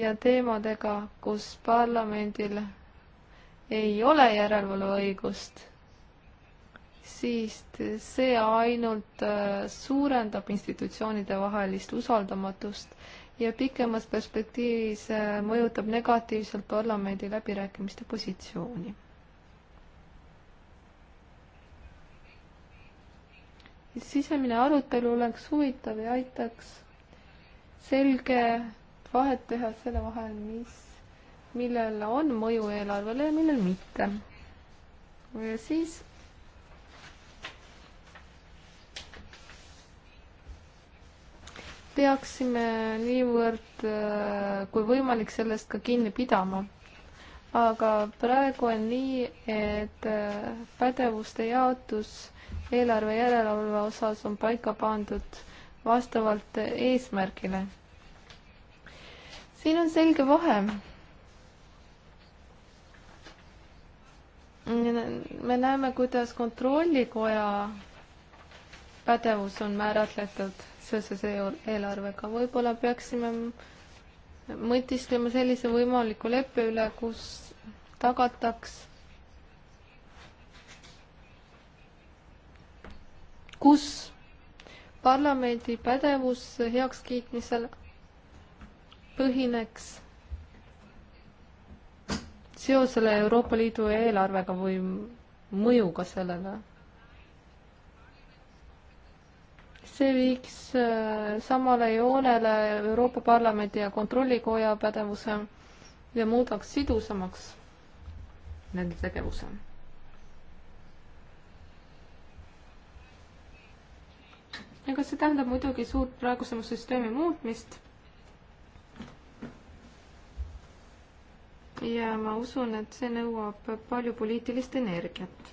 ja teemadega, kus parlamendil ei ole järelevalveõigust, siis see ainult äh, suurendab institutsioonide vahelist usaldamatust ja pikemas perspektiivis äh, mõjutab negatiivselt parlamendi läbirääkimiste positsiooni. sisemine arutelu oleks huvitav ja aitaks selge vahet teha selle vahel, mis, millel on mõju eelarvele ja millel mitte. ja siis peaksime niivõrd äh, kui võimalik sellest ka kinni pidama. aga praegu on nii, et äh, pädevuste jaotus eelarve järelevalve osas on paika pandud vastavalt eesmärgile. siin on selge vahe me näeme, kuidas kontrollikoja pädevus on määratletud seoses eelarvega. võib-olla peaksime mõtisklema sellise võimaliku leppe üle, kus tagataks kus parlamendi pädevus heakskiitmisel põhineks seosele Euroopa Liidu eelarvega või mõjuga sellele see viiks äh, samale joonele Euroopa Parlamendi ja Kontrollikoja pädevuse ja muudaks sidusamaks nende tegevuse. ega see tähendab muidugi suurt praegusema süsteemi muutmist. ja ma usun, et see nõuab palju poliitilist energiat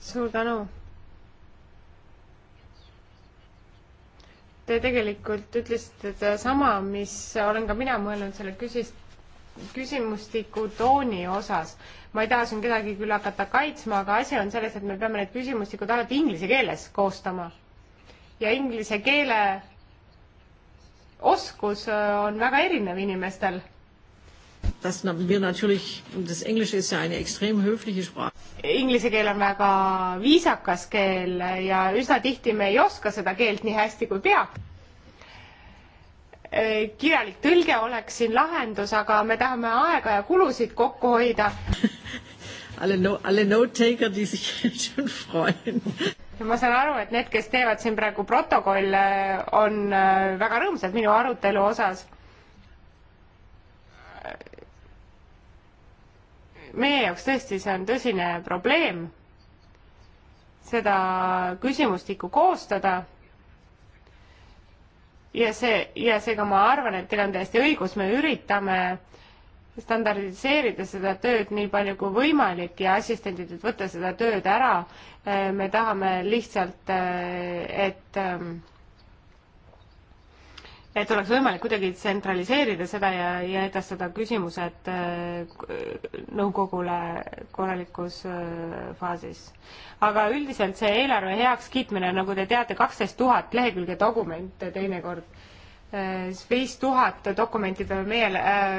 suur tänu. Te tegelikult ütlesite sedasama, mis olen ka mina mõelnud selle küsis-, küsimustiku tooni osas. ma ei taha siin kedagi küll hakata kaitsma, aga asi on selles, et me peame need küsimustikud alati inglise keeles koostama. ja inglise keele oskus äh, on väga erinev inimestel dass wir natürlich, das Englische ist ja eine extrem höfliche Sprache. Inglise keel on väga viisakas keel ja üsna tihti me ei oska seda keelt nii hästi kui peab. Äh, kirjalik tõlge oleks siin lahendus, aga me tahame aega ja kulusid kokku hoida alle, no, alle Note-Taker, die sich jetzt schon freuen. ma saan aru, et need, kes teevad siin praegu protokolle, on äh, väga rõõmsad minu arutelu osas meie jaoks tõesti see on tõsine probleem, seda küsimustikku koostada ja see, ja seega ma arvan, et teil on täiesti õigus, me üritame standardiseerida seda tööd nii palju kui võimalik ja assistendidelt võtta seda tööd ära. me tahame lihtsalt, et et oleks võimalik kuidagi tsentraliseerida seda ja, ja edastada küsimused äh, nõukogule korralikus äh, faasis. aga üldiselt see eelarve heakskiitmine, nagu te teate, kaksteist tuhat lehekülge dokumente teinekord, äh, viis tuhat dokumenti peame meie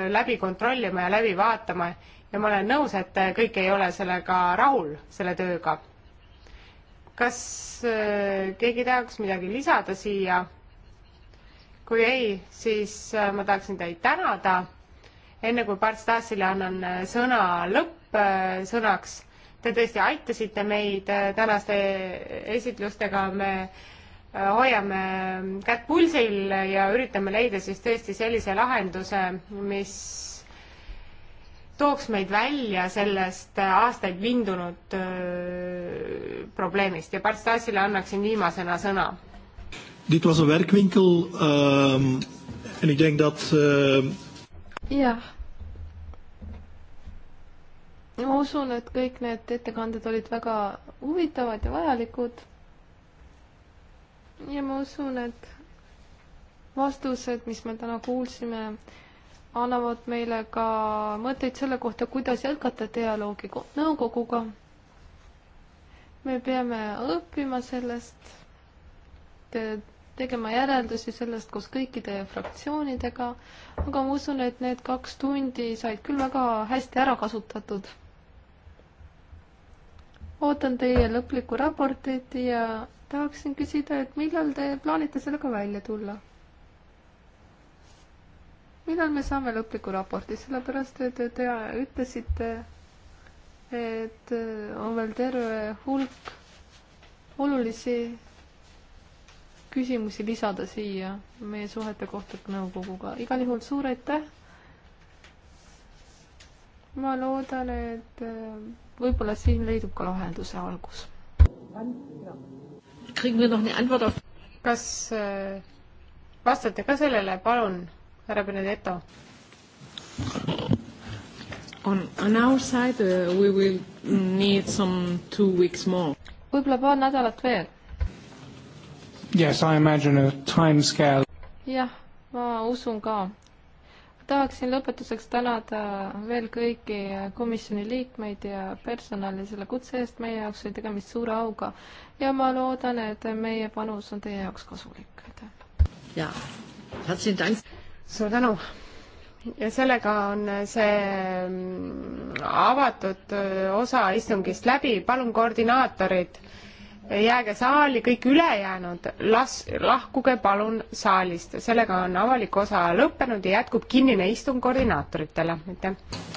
läbi kontrollima ja läbi vaatama ja ma olen nõus, et kõik ei ole sellega rahul, selle tööga. kas keegi tahaks midagi lisada siia? kui ei, siis äh, ma tahaksin teid tänada. enne kui Parts Taasile annan äh, sõna lõppsõnaks, äh, te tõesti aitasite meid tänaste esitlustega, me hoiame kätt pulsil ja üritame leida siis tõesti sellise lahenduse, mis tooks meid välja sellest aastaid vindunud öö, probleemist ja Parts Taasile annaksin viimasena sõna Dit was een werkwinkel um, en ik denk dat. Uh... Ehm, jah. ma usun, et kõik need ettekanded olid väga huvitavad ja vajalikud. ja ma usun, et vastused, mis me täna kuulsime, annavad meile ka mõtteid selle kohta, kuidas jätkata dialoogi nõukoguga. me peame õppima sellest, et tegema järeldusi sellest koos kõikide fraktsioonidega, aga ma usun, et need kaks tundi said küll väga hästi ära kasutatud. ootan teie lõplikku raportit ja tahaksin küsida, et millal te plaanite sellega välja tulla? millal me saame lõpliku raporti, sellepärast et te ütlesite, et on veel terve hulk olulisi küsimusi lisada siia meie suhete kohta nõukoguga. igal juhul suur aitäh. ma loodan, et äh, võib-olla siin leidub ka lahenduse algus. kas äh, vastate ka sellele, palun, härra Benedetto? On, on our side uh, we will need some two weeks more. võib-olla paar nädalat veel Yes, I imagine a time scale. jah, ma usun ka. tahaksin lõpetuseks tänada veel kõiki komisjoni liikmeid ja personali selle kutse eest, meie jaoks oli tegemist suure auga ja ma loodan, et meie panus on teie jaoks kasulik, aitäh. jaa, suur tänu ja sellega on see mm, avatud osa istungist läbi, palun koordinaatorid jääge saali, kõik ülejäänud, las, lahkuge palun saalist. sellega on avalik osa lõppenud ja jätkub kinnine istung koordinaatoritele, aitäh!